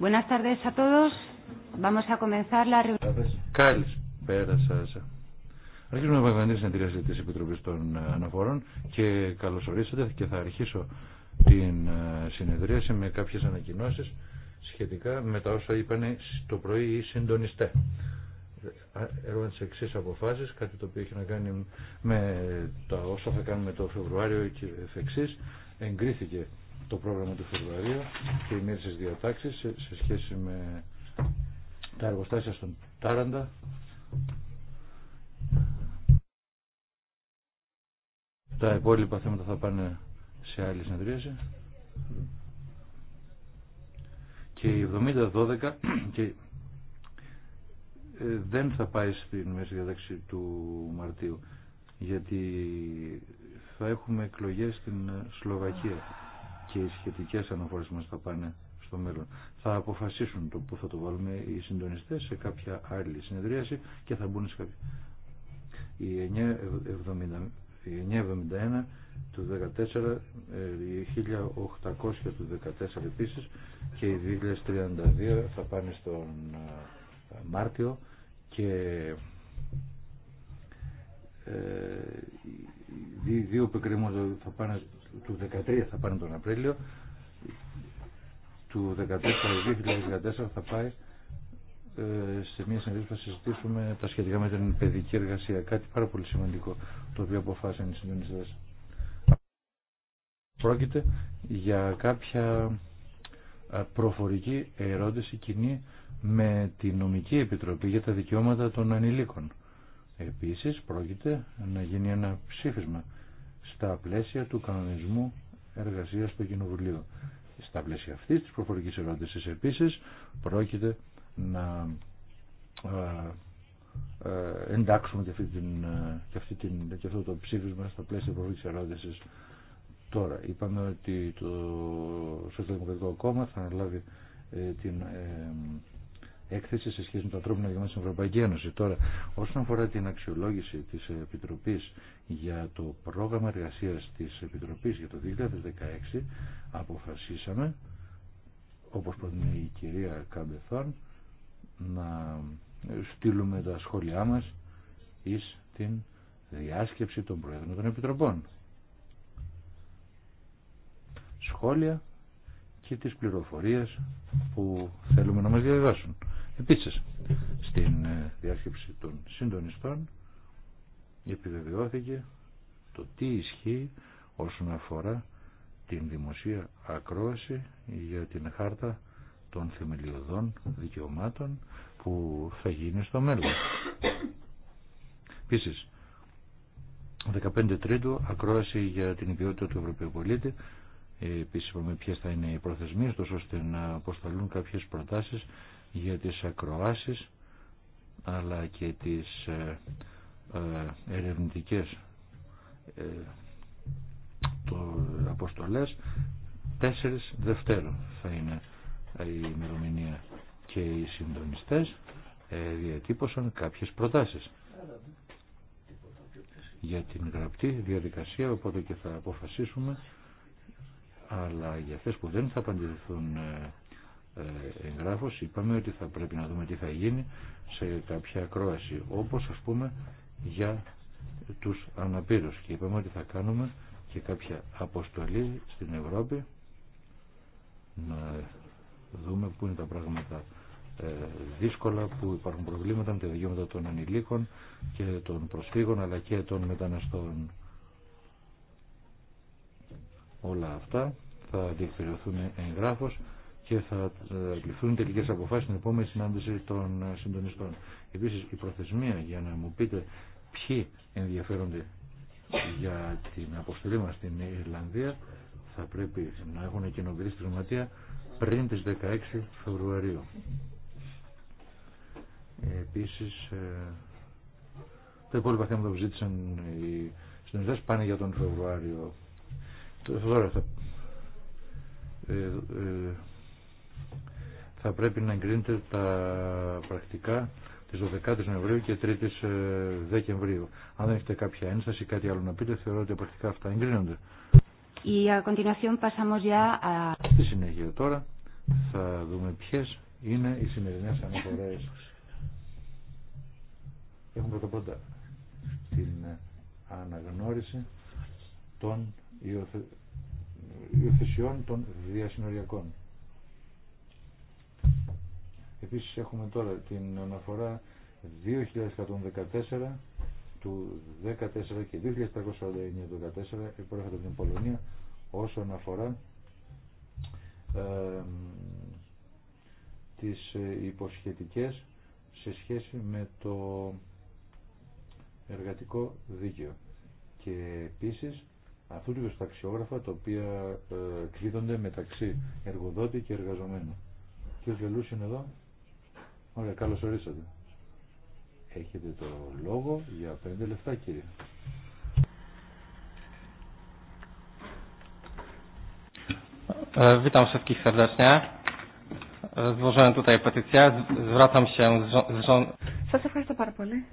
Buenas tardes a todos. Vamos a comenzar la reunión. Καλησπέρα σα. Αρχίζουμε με επαγγελματική συνεδρίαση τη Επιτροπή των ε, Αναφορών και καλώ ορίσατε και θα αρχίσω την ε, συνεδρίαση με κάποιε ανακοινώσει σχετικά με τα όσα είπαν το πρωί οι συντονιστέ. Ε, Έργαν τι εξή αποφάσει, κάτι το οποίο έχει να κάνει με τα όσα θα κάνουμε το Φεβρουάριο και εξή. Εγκρίθηκε το πρόγραμμα του Φεβρουαρίου και οι μέρες διατάξεις σε, σε σχέση με τα εργοστάσια στον Τάραντα τα υπόλοιπα θέματα θα πάνε σε άλλη συνεδρίαση και η 70-12 και ε, δεν θα πάει στην μέση διατάξη του Μαρτίου γιατί θα έχουμε εκλογές στην Σλοβακία και οι σχετικές αναφορές μας θα πάνε στο μέλλον. Θα αποφασίσουν το που θα το βάλουμε οι συντονιστές σε κάποια άλλη συνεδρίαση και θα μπουν σε κάποια. Η η 971 του 14, ε, η 1800 του 14 επίσης και η 2032 θα πάνε στον ε, Μάρτιο και ε, δύο που θα πάνε του 13 θα πάνε τον Απρίλιο του 2014 θα πάει ε, σε μια συνεργασία που θα συζητήσουμε τα σχετικά με την παιδική εργασία. Κάτι πάρα πολύ σημαντικό το οποίο αποφάσισαν οι συντονιστέ. Πρόκειται για κάποια ε, προφορική ερώτηση κοινή με τη νομική επιτροπή για τα δικαιώματα των ανηλίκων. Επίσης πρόκειται να γίνει ένα ψήφισμα στα πλαίσια του κανονισμού εργασίας του Κοινοβουλίου. Στα πλαίσια αυτής της προφορικής ερώτησης επίσης πρόκειται να ε, ε, εντάξουμε ε, και, αυτή την, και, αυτό το ψήφισμα στα πλαίσια προφορικής ερώτησης τώρα. Είπαμε ότι το Σοσιαλδημοκρατικό Κόμμα θα αναλάβει την έκθεση σε σχέση με τα ανθρώπινο δικαιώματα στην Ευρωπαϊκή Ένωση. Τώρα, όσον αφορά την αξιολόγηση τη Επιτροπή για το πρόγραμμα εργασία τη Επιτροπή για το 2016, αποφασίσαμε, όπω προτείνει η κυρία Καμπεθόν, να στείλουμε τα σχόλιά μα ει την διάσκεψη των Προέδρων των Επιτροπών. Σχόλια και τις πληροφορίες που θέλουμε να μας διαβάσουν. Επίσης, στην ε, διάσκεψη των συντονιστών επιβεβαιώθηκε το τι ισχύει όσον αφορά την δημοσία ακρόαση για την χάρτα των θεμελιωδών δικαιωμάτων που θα γίνει στο μέλλον. Επίσης, 15 Τρίτου ακρόαση για την ιδιότητα του Ευρωπαϊκού Πολίτη ε, επίσης είπαμε ποιες θα είναι οι προθεσμίες τόσο ώστε να αποσταλούν κάποιες προτάσεις για τις ακροάσεις αλλά και τις ε, ε, ερευνητικές αποστολές 4 Δευτέρου θα είναι η ημερομηνία και οι συντονιστές διατύπωσαν κάποιες προτάσεις για την γραπτή διαδικασία οπότε και θα αποφασίσουμε αλλά για αυτές που δεν θα απαντηθούν ε, ε, εγγράφως, είπαμε ότι θα πρέπει να δούμε τι θα γίνει σε κάποια ακρόαση όπως ας πούμε για τους αναπήρους και είπαμε ότι θα κάνουμε και κάποια αποστολή στην Ευρώπη να δούμε πού είναι τα πράγματα ε, δύσκολα που υπάρχουν προβλήματα με τα δικαιώματα των ανηλίκων και των προσφύγων αλλά και των μεταναστών όλα αυτά θα διεκπαιριωθούν εγγράφως και θα ε, ληφθούν τελικές αποφάσει στην επόμενη συνάντηση των ε, συντονιστών. Επίση, η προθεσμία για να μου πείτε ποιοι ενδιαφέρονται για την αποστολή μα στην Ιρλανδία θα πρέπει να έχουν κοινοποιηθεί στη Γραμματεία πριν τι 16 Φεβρουαρίου. Επίση, ε, τα υπόλοιπα θέματα που ζήτησαν οι συντονιστέ πάνε για τον Φεβρουάριο. Τώρα θα ε, ε, θα πρέπει να εγκρίνετε τα πρακτικά της 12ης Νοεμβρίου και 3ης ε, Δεκεμβρίου. Αν δεν έχετε κάποια ένσταση ή κάτι άλλο να πείτε, θεωρώ ότι τα πρακτικά αυτά εγκρίνονται. Y a continuación a... Στη συνέχεια τώρα θα δούμε ποιες είναι οι σημερινές αναφορές. Έχουμε πρώτα πρώτα την αναγνώριση των υιοθετών υιοθεσιών των διασυνοριακών. Επίσης έχουμε τώρα την αναφορά 2114 του 14 και 2349 του 14 που από την Πολωνία όσον αφορά ε, τις υποσχετικές σε σχέση με το εργατικό δίκαιο και επίσης αυτού του ταξιόγραφα τα οποία ε, κλείδονται μεταξύ εργοδότη και εργαζομένου. Και ο Λελούς είναι εδώ. Ωραία, καλώς ορίσατε. Έχετε το λόγο για πέντε λεφτά κύριε. Ε, witam wszystkich serdecznie. E, złożyłem tutaj petycję. Zwracam się z rząd... Σας ευχαριστώ πάρα πολύ.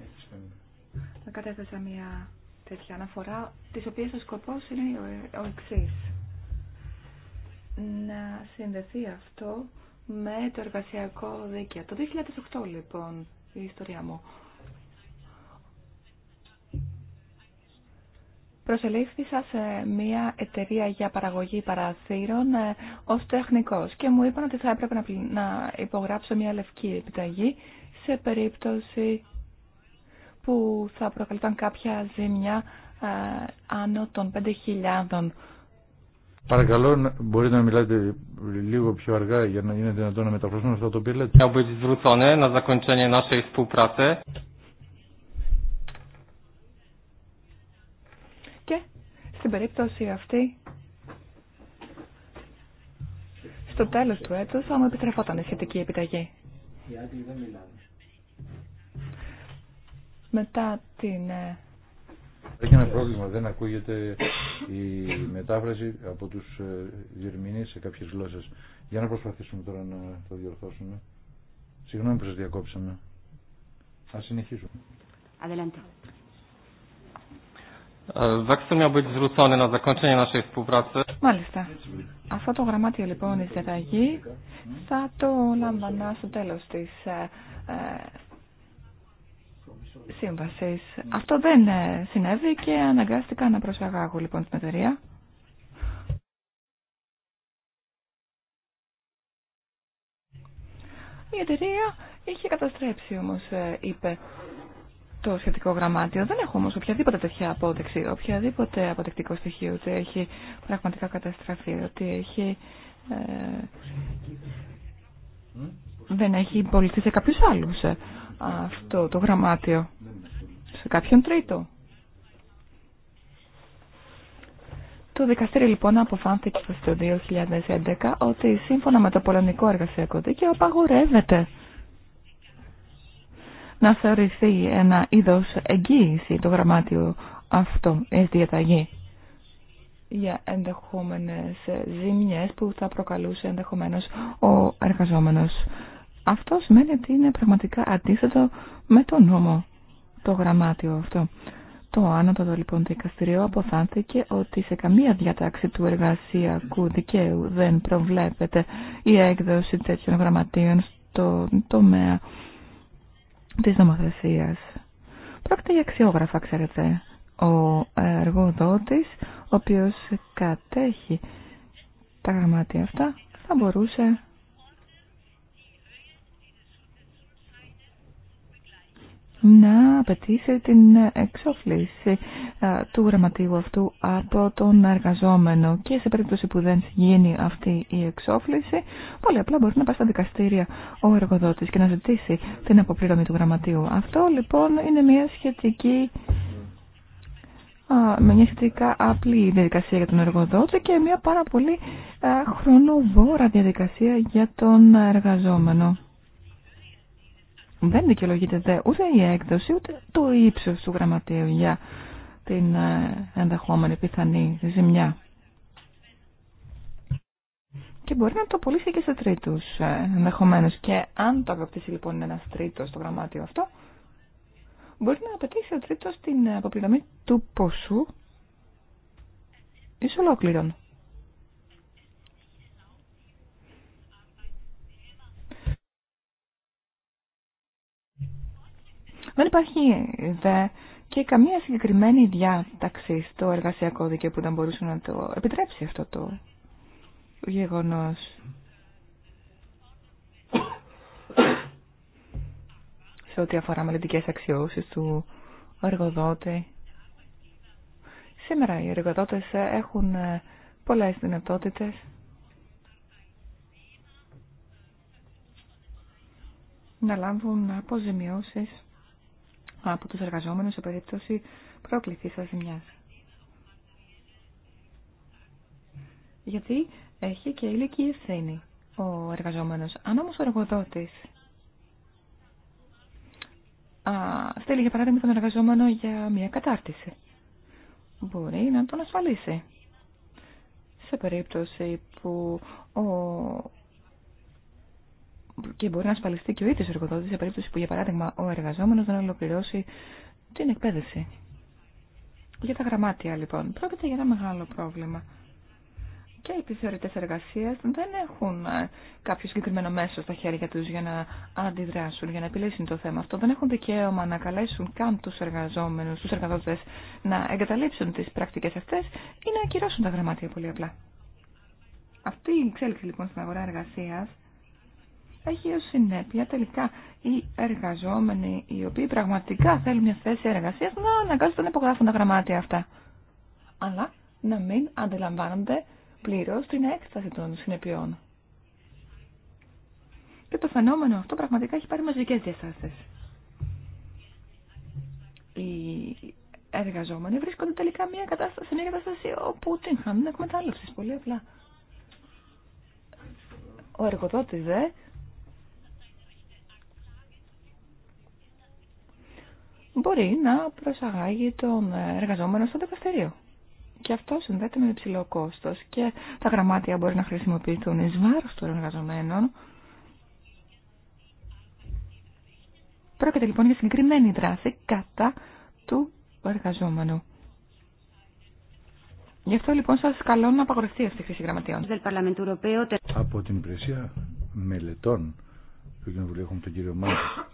Θα κατέθεσα μια τέτοια αναφορά, της οποίας ο σκοπός είναι ο εξή. Να συνδεθεί αυτό με το εργασιακό δίκαιο. Το 2008 λοιπόν η ιστορία μου. Προσελήφθησα σε μια εταιρεία για παραγωγή παραθύρων ε, ως τεχνικός και μου είπαν ότι θα έπρεπε να υπογράψω μια λευκή επιταγή σε περίπτωση που θα προκαλούνταν κάποια ζημιά ε, άνω των 5.000. Παρακαλώ, μπορείτε να μιλάτε λίγο πιο αργά για να είναι δυνατόν να μεταφράσουμε αυτό το οποίο λέτε. Και στην περίπτωση αυτή, στο τέλος του έτους θα μου επιτρεφόταν η σχετική επιταγή. δεν μετά την... Ε, Έχει ένα πρόβλημα, δεν ακούγεται η μετάφραση από τους ε, διερμηνείς σε κάποιες γλώσσες. Για να προσπαθήσουμε τώρα να το διορθώσουμε. Συγγνώμη που σας διακόψαμε. Ας συνεχίσουμε. Ε, Adelante. Μάλιστα. Αυτό το γραμμάτιο λοιπόν η διαταγή θα το λαμβανά στο τέλος της σύμβαση. Αυτό δεν ε, συνέβη και αναγκάστηκα να προσαγάγω λοιπόν την εταιρεία. Η εταιρεία είχε καταστρέψει όμως, ε, είπε το σχετικό γραμμάτιο. Δεν έχω όμως οποιαδήποτε τέτοια απόδειξη, οποιαδήποτε αποτεκτικό στοιχείο ότι έχει πραγματικά καταστραφεί, ότι έχει, ε, δεν έχει πολιθεί σε κάποιους άλλους αυτό το γραμμάτιο σε κάποιον τρίτο. Το δικαστήριο λοιπόν αποφάνθηκε στο 2011 ότι σύμφωνα με το πολωνικό εργασιακό δίκαιο απαγορεύεται να θεωρηθεί ένα είδος εγγύηση το γραμμάτιο αυτό, εις διαταγή για ενδεχόμενες ζημιές που θα προκαλούσε ενδεχομένως ο εργαζόμενος. Αυτό σημαίνει ότι είναι πραγματικά αντίθετο με το νόμο το γραμμάτιο αυτό. Το άνωτο λοιπόν δικαστηρίο αποθάνθηκε ότι σε καμία διατάξη του εργασιακού δικαίου δεν προβλέπεται η έκδοση τέτοιων γραμματείων στο τομέα της νομοθεσίας. Πρόκειται για αξιόγραφα, ξέρετε. Ο εργοδότης, ο οποίος κατέχει τα γραμμάτια αυτά, θα μπορούσε να απαιτήσει την εξόφληση ε, του γραμματίου αυτού από τον εργαζόμενο και σε περίπτωση που δεν γίνει αυτή η εξόφληση πολύ απλά μπορεί να πάει στα δικαστήρια ο εργοδότης και να ζητήσει την αποπληρωμή του γραμματίου. Αυτό λοιπόν είναι μια σχετική με μια σχετικά απλή διαδικασία για τον εργοδότη και μια πάρα πολύ ε, χρονοβόρα διαδικασία για τον εργαζόμενο. Δεν δικαιολογείται δε ούτε η έκδοση ούτε το ύψος του γραμματείου για την ε, ενδεχόμενη πιθανή ζημιά. Και μπορεί να το απολύσει και σε τρίτους ε, ενδεχομένω. Και αν το αποκτήσει λοιπόν ένα τρίτο το γραμμάτιο αυτό, μπορεί να απαιτήσει ο τρίτο την αποπληρωμή του ποσού εις ολόκληρων. Δεν υπάρχει δε και καμία συγκεκριμένη διάταξη στο εργασιακό δίκαιο που δεν μπορούσε να το επιτρέψει αυτό το γεγονός. σε ό,τι αφορά μελλοντικέ αξιώσεις του εργοδότη. Σήμερα οι εργοδότες έχουν πολλές δυνατότητες. να λάμβουν αποζημιώσεις από τους εργαζόμενους σε περίπτωση πρόκλησης ζημιάς. Γιατί έχει και ηλικία ευθύνη ο εργαζόμενος. Αν όμως ο εργοδότης α, στέλνει για παράδειγμα τον εργαζόμενο για μια κατάρτιση, μπορεί να τον ασφαλίσει. Σε περίπτωση που ο και μπορεί να ασφαλιστεί και ο ίδιο εργοδότη σε περίπτωση που, για παράδειγμα, ο εργαζόμενο δεν ολοκληρώσει την εκπαίδευση. Για τα γραμμάτια, λοιπόν, πρόκειται για ένα μεγάλο πρόβλημα. Και οι επιθεωρητέ εργασία δεν έχουν ε, κάποιο συγκεκριμένο μέσο στα χέρια του για να αντιδράσουν, για να επιλύσουν το θέμα αυτό. Δεν έχουν δικαίωμα να καλέσουν καν του εργαζόμενου, του εργαζόμενου να εγκαταλείψουν τι πρακτικέ αυτέ ή να ακυρώσουν τα γραμμάτια πολύ απλά. Αυτή η εξέλιξη λοιπόν στην αγορά εργασία έχει ως συνέπεια τελικά οι εργαζόμενοι οι οποίοι πραγματικά θέλουν μια θέση εργασίας να αναγκάζονται να υπογράφουν τα γραμμάτια αυτά. Αλλά να μην αντιλαμβάνονται πλήρως την έκταση των συνεπειών. Και το φαινόμενο αυτό πραγματικά έχει πάρει μαζικές διαστάσεις. Οι εργαζόμενοι βρίσκονται τελικά μια κατάσταση, μια κατάσταση όπου την χάνουν εκμετάλλευση πολύ απλά. Ο εργοδότης δε μπορεί να προσαγάγει τον εργαζόμενο στο δικαστήριο. Και αυτό συνδέεται με υψηλό κόστο και τα γραμμάτια μπορεί να χρησιμοποιηθούν ει βάρο των εργαζομένων. Πρόκειται λοιπόν για συγκεκριμένη δράση κατά του εργαζόμενου. Γι' αυτό λοιπόν σα καλώ να απαγορευτεί αυτή η χρήση γραμματιών. Από την υπηρεσία μελετών του Κοινοβουλίου έχουμε τον κύριο Μάρκο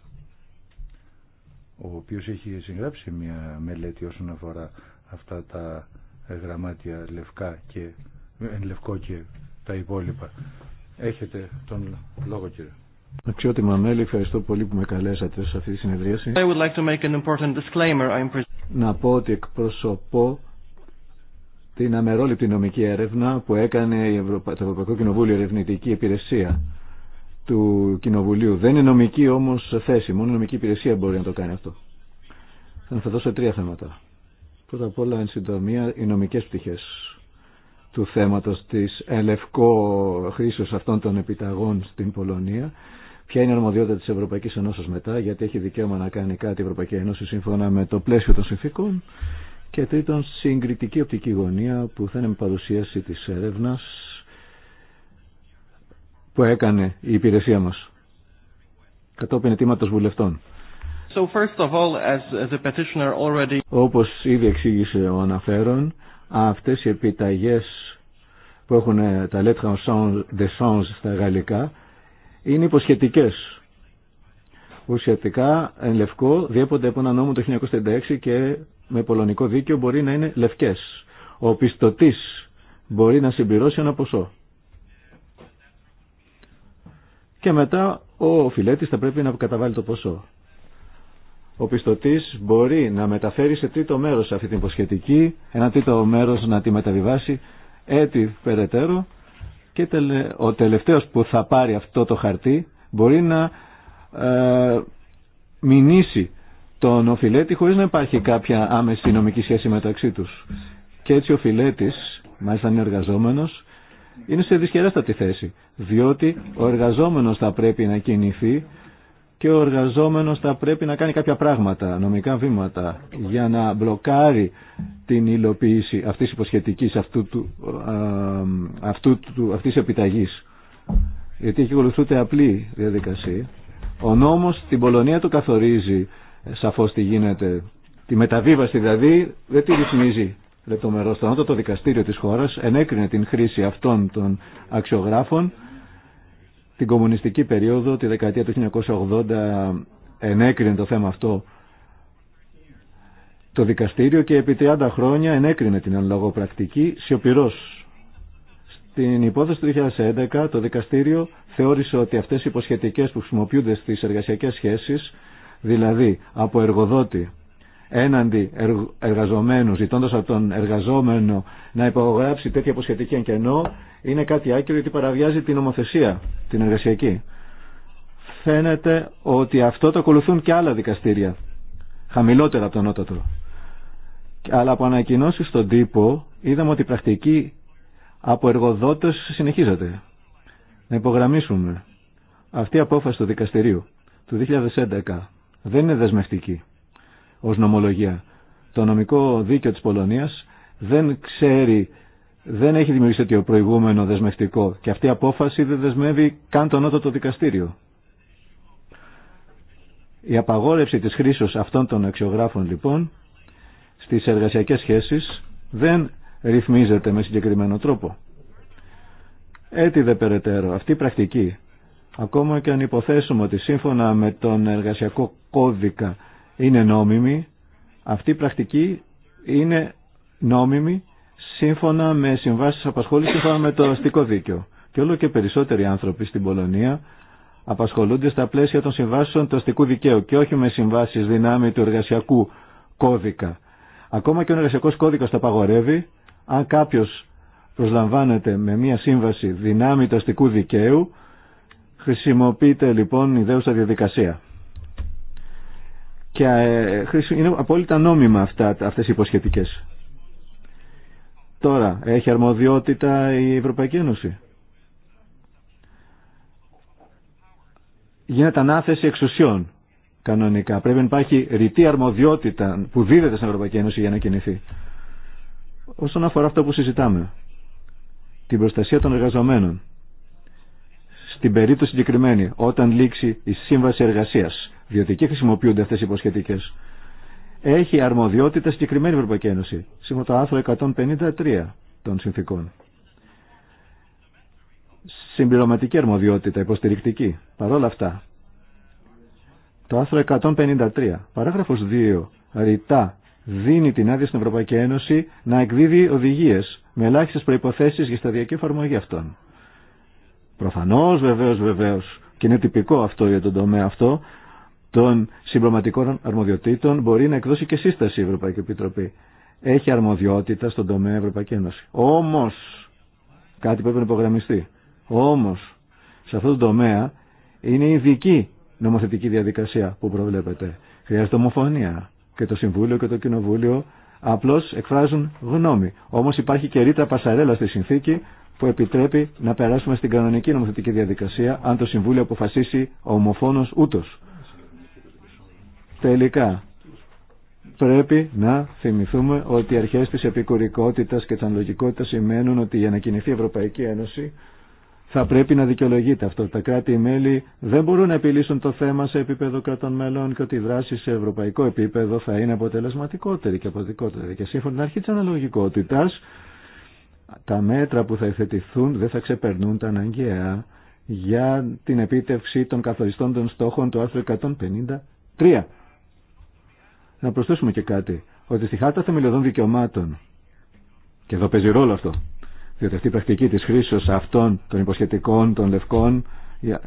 ο οποίος έχει συγγράψει μια μελέτη όσον αφορά αυτά τα γραμμάτια λευκά και ε, λευκό και τα υπόλοιπα. Έχετε τον λόγο κύριε. Αξιότιμα μέλη, ευχαριστώ πολύ που με καλέσατε σε αυτή τη συνεδρίαση. Να πω ότι εκπροσωπώ την αμερόληπτη νομική έρευνα που έκανε το Ευρωπαϊκό Κοινοβούλιο Ερευνητική Υπηρεσία του Κοινοβουλίου. Δεν είναι νομική όμως θέση, μόνο η νομική υπηρεσία μπορεί να το κάνει αυτό. Θα σα δώσω τρία θέματα. Πρώτα απ' όλα, εν συντομία, οι νομικές πτυχές του θέματος της ελευκό χρήσεως αυτών των επιταγών στην Πολωνία. Ποια είναι η αρμοδιότητα της Ευρωπαϊκής Ενώσης μετά, γιατί έχει δικαίωμα να κάνει κάτι η Ευρωπαϊκή Ένωση σύμφωνα με το πλαίσιο των συνθήκων. Και τρίτον, συγκριτική οπτική γωνία που θα είναι με παρουσίαση της έρευνας που έκανε η υπηρεσία μας κατόπιν αιτήματος βουλευτών. So first of all, as the petitioner already... Όπως ήδη εξήγησε ο αναφέρον, αυτές οι επιταγές που έχουν ε, τα λέτρα de change στα γαλλικά είναι υποσχετικές. Ουσιαστικά, εν λευκό, διέπονται από ένα νόμο το 1936 και με πολωνικό δίκαιο μπορεί να είναι λευκές. Ο πιστωτής μπορεί να συμπληρώσει ένα ποσό. και μετά ο φιλέτης θα πρέπει να καταβάλει το ποσό. Ο πιστωτής μπορεί να μεταφέρει σε τρίτο μέρος αυτή την υποσχετική, ένα τρίτο μέρος να τη μεταβιβάσει έτη περαιτέρω και ο τελευταίος που θα πάρει αυτό το χαρτί μπορεί να ε, μηνύσει τον Φιλέτη χωρίς να υπάρχει κάποια άμεση νομική σχέση μεταξύ τους. Και έτσι ο φιλέτης, μάλιστα είναι εργαζόμενος, είναι σε δυσχερέστατη θέση, διότι ο εργαζόμενος θα πρέπει να κινηθεί και ο εργαζόμενος θα πρέπει να κάνει κάποια πράγματα, νομικά βήματα, για να μπλοκάρει την υλοποίηση αυτής υποσχετικής, αυτού του, αυτού του, αυτής επιταγής. Γιατί έχει ακολουθούνται απλή διαδικασία. Ο νόμος στην Πολωνία το καθορίζει σαφώς τι γίνεται. Τη μεταβίβαση δηλαδή δεν τη ρυθμίζει λεπτομερό στο το Δικαστήριο της χώρας ενέκρινε την χρήση αυτών των αξιογράφων την κομμουνιστική περίοδο, τη δεκαετία του 1980 ενέκρινε το θέμα αυτό το δικαστήριο και επί 30 χρόνια ενέκρινε την ανλογό πρακτική σιωπηρός. Στην υπόθεση του 2011 το δικαστήριο θεώρησε ότι αυτές οι υποσχετικές που χρησιμοποιούνται στις εργασιακές σχέσεις, δηλαδή από εργοδότη έναντι εργαζομένου, ζητώντα από τον εργαζόμενο να υπογράψει τέτοια αποσχετική εν είναι κάτι άκυρο γιατί παραβιάζει την νομοθεσία, την εργασιακή. Φαίνεται ότι αυτό το ακολουθούν και άλλα δικαστήρια, χαμηλότερα από τον νότατο. Αλλά από ανακοινώσει στον τύπο είδαμε ότι η πρακτική από εργοδότε συνεχίζεται. Να υπογραμμίσουμε. Αυτή η απόφαση του δικαστηρίου του 2011 δεν είναι δεσμευτική ως νομολογία. Το νομικό δίκαιο της Πολωνίας δεν ξέρει, δεν έχει δημιουργήσει το προηγούμενο δεσμευτικό και αυτή η απόφαση δεν δεσμεύει καν το το δικαστήριο. Η απαγόρευση της χρήσης αυτών των αξιογράφων λοιπόν στις εργασιακές σχέσεις δεν ρυθμίζεται με συγκεκριμένο τρόπο. Έτσι δε περαιτέρω, αυτή η πρακτική, ακόμα και αν υποθέσουμε ότι σύμφωνα με τον εργασιακό κώδικα είναι νόμιμη, αυτή η πρακτική είναι νόμιμη σύμφωνα με συμβάσεις απασχόλησης σύμφωνα με το αστικό δίκαιο. Και όλο και περισσότεροι άνθρωποι στην Πολωνία απασχολούνται στα πλαίσια των συμβάσεων του αστικού δικαίου και όχι με συμβάσεις δυνάμει του εργασιακού κώδικα. Ακόμα και ο εργασιακός κώδικας τα παγορεύει, αν κάποιος προσλαμβάνεται με μια σύμβαση δυνάμει του αστικού δικαίου, χρησιμοποιείται λοιπόν τα διαδικασία. Και ε, είναι απόλυτα νόμιμα αυτά, αυτές οι υποσχετικές. Τώρα, έχει αρμοδιότητα η Ευρωπαϊκή Ένωση. Γίνεται ανάθεση εξουσιών κανονικά. Πρέπει να υπάρχει ρητή αρμοδιότητα που δίδεται στην Ευρωπαϊκή Ένωση για να κινηθεί. Όσον αφορά αυτό που συζητάμε, την προστασία των εργαζομένων, στην περίπτωση συγκεκριμένη, όταν λήξει η σύμβαση εργασίας, διότι εκεί χρησιμοποιούνται αυτές οι υποσχετικέ. Έχει αρμοδιότητα συγκεκριμένη Ευρωπαϊκή Ένωση, σύμφωνα το άρθρο 153 των συνθήκων. Συμπληρωματική αρμοδιότητα, υποστηρικτική. Παρ' όλα αυτά, το άρθρο 153, παράγραφος 2, ρητά, δίνει την άδεια στην Ευρωπαϊκή Ένωση να εκδίδει οδηγίε με ελάχιστες προϋποθέσεις για σταδιακή εφαρμογή αυτών. Προφανώ βεβαίω βεβαίω. και είναι τυπικό αυτό για τον τομέα αυτό, των συμπροματικών αρμοδιοτήτων μπορεί να εκδώσει και σύσταση η Ευρωπαϊκή Επιτροπή. Έχει αρμοδιότητα στον τομέα Ευρωπαϊκή Ένωση. Όμω, κάτι πρέπει να υπογραμμιστεί. Όμω, σε αυτόν το τομέα είναι η ειδική νομοθετική διαδικασία που προβλέπεται. Χρειάζεται ομοφωνία. Και το Συμβούλιο και το Κοινοβούλιο απλώ εκφράζουν γνώμη. Όμω υπάρχει και ρήτρα πασαρέλα στη συνθήκη που επιτρέπει να περάσουμε στην κανονική νομοθετική διαδικασία αν το Συμβούλιο αποφασίσει ομοφόνο ούτω. Τελικά, πρέπει να θυμηθούμε ότι οι αρχές της επικουρικότητας και της αναλογικότητας σημαίνουν ότι για να κινηθεί η Ευρωπαϊκή Ένωση θα πρέπει να δικαιολογείται αυτό. Τα κράτη-μέλη δεν μπορούν να επιλύσουν το θέμα σε επίπεδο κρατών μέλων και ότι η δράση σε ευρωπαϊκό επίπεδο θα είναι αποτελεσματικότερη και αποδικότερη. Και σύμφωνα με την αρχή της αναλογικότητας, τα μέτρα που θα υθετηθούν δεν θα ξεπερνούν τα αναγκαία για την επίτευξη των καθοριστών των στόχων του άρθρου 153 να προσθέσουμε και κάτι. Ότι στη Χάρτα Θεμελιωδών Δικαιωμάτων, και εδώ παίζει ρόλο αυτό, διότι αυτή η πρακτική της χρήσης αυτών των υποσχετικών, των λευκών,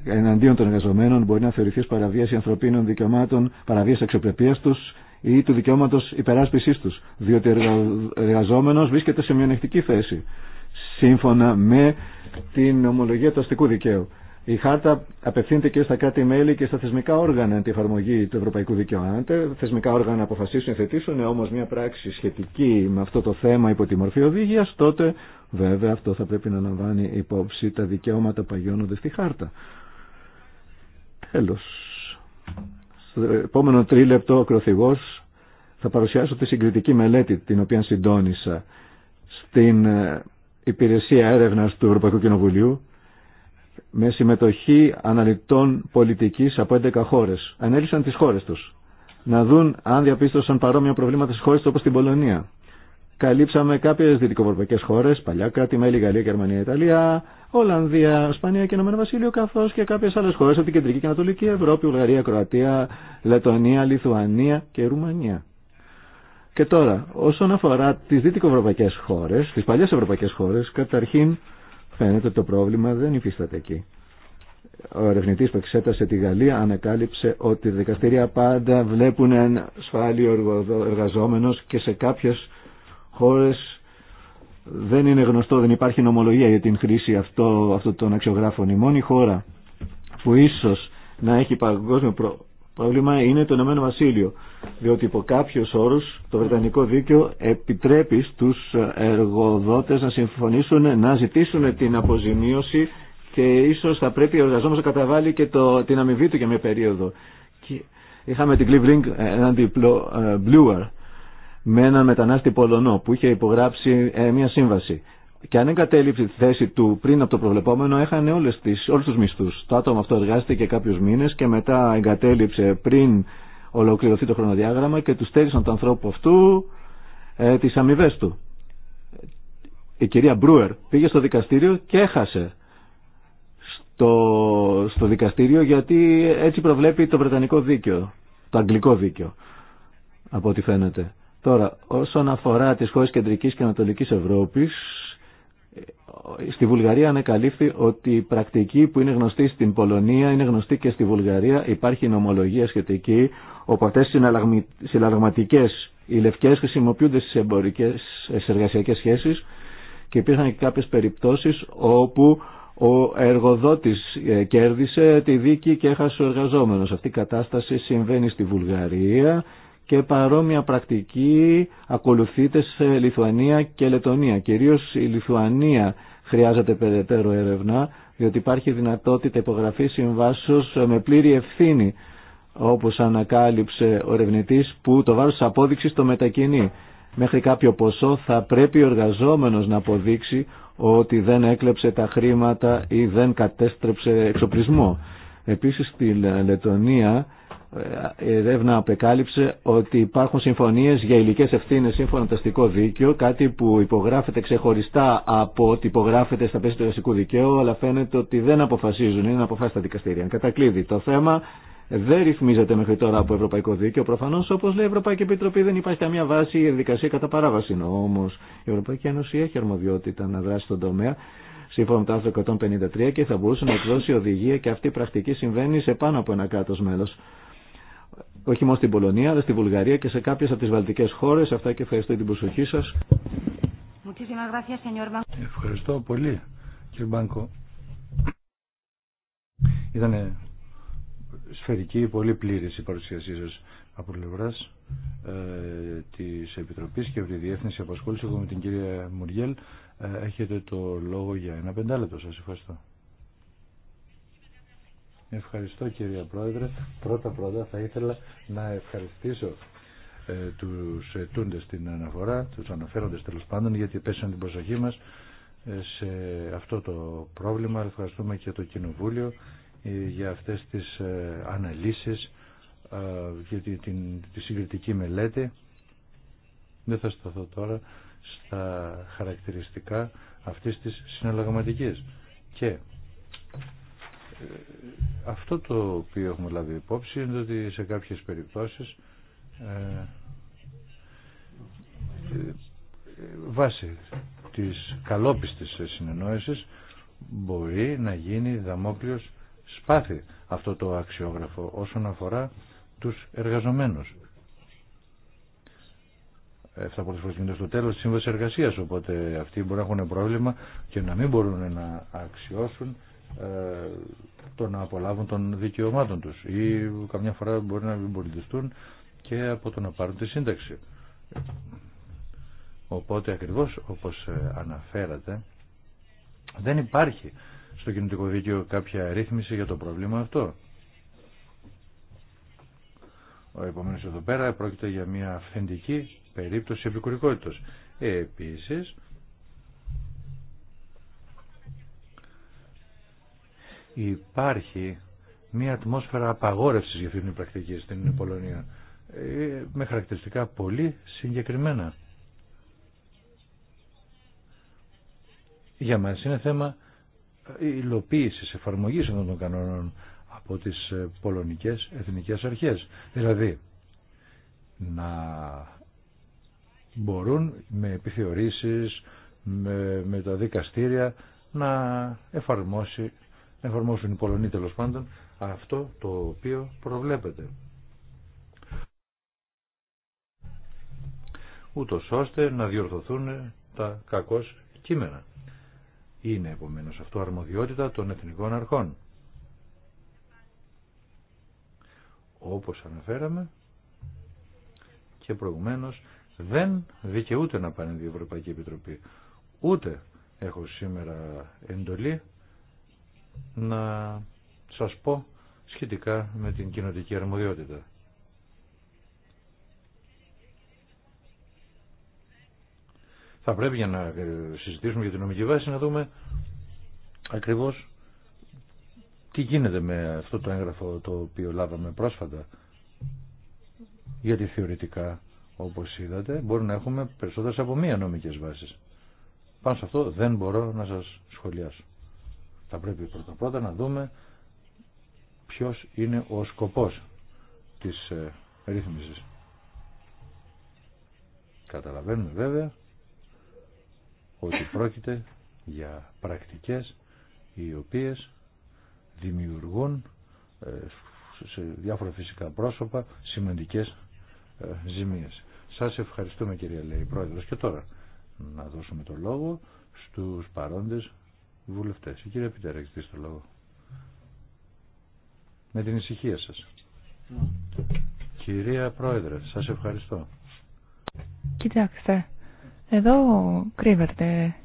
εναντίον των εργαζομένων μπορεί να θεωρηθεί ως παραβίαση ανθρωπίνων δικαιωμάτων, παραβίαση αξιοπρεπίας τους ή του δικαιώματος υπεράσπισής τους, διότι ο εργαζόμενος βρίσκεται σε μειονεκτική θέση σύμφωνα με την ομολογία του αστικού δικαίου. Η χάρτα απευθύνεται και στα κράτη-μέλη και στα θεσμικά όργανα την εφαρμογή του ευρωπαϊκού δικαίου. Αν θεσμικά όργανα αποφασίσουν, θετήσουν ε, όμω μια πράξη σχετική με αυτό το θέμα υπό τη μορφή οδηγία, τότε βέβαια αυτό θα πρέπει να λαμβάνει υπόψη τα δικαιώματα που αγιώνονται στη χάρτα. Τέλο. Στο επόμενο τρίλεπτο ο Κροθυγό θα παρουσιάσω τη συγκριτική μελέτη την οποία συντόνισα στην ε, υπηρεσία έρευνα του Ευρωπαϊκού Κοινοβουλίου με συμμετοχή αναλυτών πολιτικής από 11 χώρες. Ανέλησαν τις χώρες τους. Να δουν αν διαπίστωσαν παρόμοια προβλήματα στις χώρες τους όπως την Πολωνία. Καλύψαμε κάποιες δυτικοευρωπαϊκές χώρες, παλιά κράτη, μέλη, Γαλλία, Γερμανία, Ιταλία, Ολλανδία, Ισπανία και Ηνωμένο Βασίλειο, καθώς και κάποιες άλλες χώρες από την Κεντρική και Ανατολική Ευρώπη, Ουγγαρία, Κροατία, Λετωνία, Λιθουανία και Ρουμανία. Και τώρα, όσον αφορά τις δυτικοευρωπαϊκές χώρες, τις παλιές ευρωπαϊκές χώρες, καταρχήν φαίνεται το πρόβλημα δεν υφίσταται εκεί. Ο ερευνητή που εξέτασε τη Γαλλία ανακάλυψε ότι δικαστήρια πάντα βλέπουν ένα ασφάλιο εργαζόμενο και σε κάποιε χώρε δεν είναι γνωστό, δεν υπάρχει νομολογία για την χρήση αυτό, των αξιογράφων. Η μόνη χώρα που ίσω να έχει παγκόσμιο προ πρόβλημα είναι το Ηνωμένο Βασίλειο. Διότι υπό κάποιου όρου το Βρετανικό Δίκαιο επιτρέπει στου εργοδότε να συμφωνήσουν να ζητήσουν την αποζημίωση και ίσω θα πρέπει ο εργαζόμενο να καταβάλει και το, την αμοιβή του για μια περίοδο. είχαμε την Cleveland ε, έναντι ε, Bluer με έναν μετανάστη Πολωνό που είχε υπογράψει ε, μια σύμβαση και αν εγκατέλειψε τη θέση του πριν από το προβλεπόμενο, έχανε όλες τις, όλους τους μισθούς. Το άτομο αυτό εργάστηκε κάποιους μήνες και μετά εγκατέλειψε πριν ολοκληρωθεί το χρονοδιάγραμμα και του στέρισαν τον ανθρώπου αυτού ε, τις αμοιβέ του. Η κυρία Μπρούερ πήγε στο δικαστήριο και έχασε στο, στο δικαστήριο γιατί έτσι προβλέπει το Βρετανικό δίκαιο, το Αγγλικό δίκαιο, από ό,τι φαίνεται. Τώρα, όσον αφορά τις χώρες Κεντρικής και Ανατολικής Ευρώπης, Στη Βουλγαρία ανακαλύφθη ότι η πρακτική που είναι γνωστή στην Πολωνία είναι γνωστή και στη Βουλγαρία. Υπάρχει νομολογία σχετική όπου αυτές οι συναλλαγματικές οι λευκές χρησιμοποιούνται στι εμπορικές, στις εργασιακές σχέσεις και υπήρχαν και κάποιες περιπτώσεις όπου ο εργοδότης ε, κέρδισε τη δίκη και έχασε ο Αυτή η κατάσταση συμβαίνει στη Βουλγαρία και παρόμοια πρακτική ακολουθείται σε Λιθουανία και Λετωνία. Κυρίως η Λιθουανία χρειάζεται περαιτέρω έρευνα, διότι υπάρχει δυνατότητα υπογραφή συμβάσεως με πλήρη ευθύνη, όπως ανακάλυψε ο ερευνητή που το βάρος της απόδειξης το μετακινεί. Μέχρι κάποιο ποσό θα πρέπει ο εργαζόμενος να αποδείξει ότι δεν έκλεψε τα χρήματα ή δεν κατέστρεψε εξοπλισμό. Επίσης στη Λετωνία ε, η ερεύνα απεκάλυψε ότι υπάρχουν συμφωνίες για υλικέ ευθύνε σύμφωνα με το δίκαιο, κάτι που υπογράφεται ξεχωριστά από ότι υπογράφεται στα πλαίσια του αστικού δικαίου, αλλά φαίνεται ότι δεν αποφασίζουν, είναι αποφάσει στον δικαστήρια. Κατακλείδη, το θέμα δεν ρυθμίζεται μέχρι τώρα από Ευρωπαϊκό Δίκαιο. Προφανώ, όπω λέει η Ευρωπαϊκή Επιτροπή, δεν υπάρχει καμία βάση η διαδικασία κατά παράβαση. Όμω, η Ευρωπαϊκή Ένωση έχει αρμοδιότητα να δράσει στον τομέα σύμφωνα με το άρθρο 153 και θα μπορούσε να εκδώσει οδηγία και αυτή η πρακτική συμβαίνει σε πάνω από ένα κράτο μέλο όχι μόνο στην Πολωνία, αλλά στη Βουλγαρία και σε κάποιε από τι βαλτικέ χώρε. Αυτά και ευχαριστώ την προσοχή σα. Ευχαριστώ πολύ, κύριε Μπάνκο. Ήταν σφαιρική, πολύ πλήρη η παρουσίασή σα από πλευρά ε, τη Επιτροπή και από τη Διεύθυνση Απασχόληση. Εγώ με την κυρία Μουριέλ ε, έχετε το λόγο για ένα πεντάλεπτο. Σα ευχαριστώ. Ευχαριστώ κυρία Πρόεδρε. Πρώτα πρώτα θα ήθελα να ευχαριστήσω ε, τους ετούντες την αναφορά, τους αναφέροντες τέλο πάντων γιατί πέσαν την προσοχή μας ε, σε αυτό το πρόβλημα. Ευχαριστούμε και το Κοινοβούλιο ε, για αυτές τις ε, αναλύσεις για την, τη συγκριτική μελέτη. Δεν θα σταθώ τώρα στα χαρακτηριστικά αυτής της συναλλαγματικής. Και αυτό το οποίο έχουμε λάβει υπόψη είναι ότι σε κάποιες περιπτώσεις ε, ε, βάσει της καλόπιστης συνεννόησης μπορεί να γίνει δαμόκλειος σπάθη αυτό το αξιόγραφο όσον αφορά τους εργαζομένους. Εφτά πολλές φορές γίνεται στο τέλος της σύμβασης εργασίας, οπότε αυτοί μπορεί να έχουν πρόβλημα και να μην μπορούν να αξιώσουν ε, το να απολάβουν των δικαιωμάτων τους ή καμιά φορά μπορεί να πολιτιστούν και από το να πάρουν τη σύνταξη. Οπότε ακριβώς όπως ε, αναφέρατε δεν υπάρχει στο κινητικό δίκαιο κάποια ρύθμιση για το πρόβλημα αυτό. Ο επομένως εδώ πέρα πρόκειται για μια αυθεντική περίπτωση επικουρικότητας. επίσης, υπάρχει μια ατμόσφαιρα απαγόρευσης για αυτήν την πρακτική στην Πολωνία ε, με χαρακτηριστικά πολύ συγκεκριμένα. Για μας είναι θέμα ε, υλοποίησης, εφαρμογής αυτών των κανόνων από τις ε, πολωνικές εθνικές αρχές. Δηλαδή, να μπορούν με επιθεωρήσεις, με, με τα δικαστήρια να εφαρμόσει να εφαρμόσουν οι Πολωνοί τέλο πάντων αυτό το οποίο προβλέπεται. Ούτω ώστε να διορθωθούν τα κακώ κείμενα. Είναι επομένως αυτό αρμοδιότητα των εθνικών αρχών. Όπως αναφέραμε και προηγουμένως δεν δικαιούται να πάνε η Ευρωπαϊκή Επιτροπή. Ούτε έχω σήμερα εντολή να σας πω σχετικά με την κοινοτική αρμοδιότητα. Θα πρέπει για να ε, συζητήσουμε για την νομική βάση να δούμε ακριβώς τι γίνεται με αυτό το έγγραφο το οποίο λάβαμε πρόσφατα. Γιατί θεωρητικά, όπως είδατε, μπορεί να έχουμε περισσότερες από μία νομικές βάσεις. Πάνω σε αυτό δεν μπορώ να σας σχολιάσω. Θα πρέπει πρώτα πρώτα να δούμε ποιος είναι ο σκοπός της ε, ρύθμισης. Καταλαβαίνουμε βέβαια ότι πρόκειται για πρακτικές οι οποίες δημιουργούν ε, σε διάφορα φυσικά πρόσωπα σημαντικές ε, ζημίες. Σας ευχαριστούμε κυρία Λέη Πρόεδρος και τώρα να δώσουμε το λόγο στους παρόντες Βουλευτέ. Η κυρία Πιτέρα, το λόγο. Με την ησυχία σας. Κυρία Πρόεδρε, σας ευχαριστώ. Κοιτάξτε, εδώ κρύβεται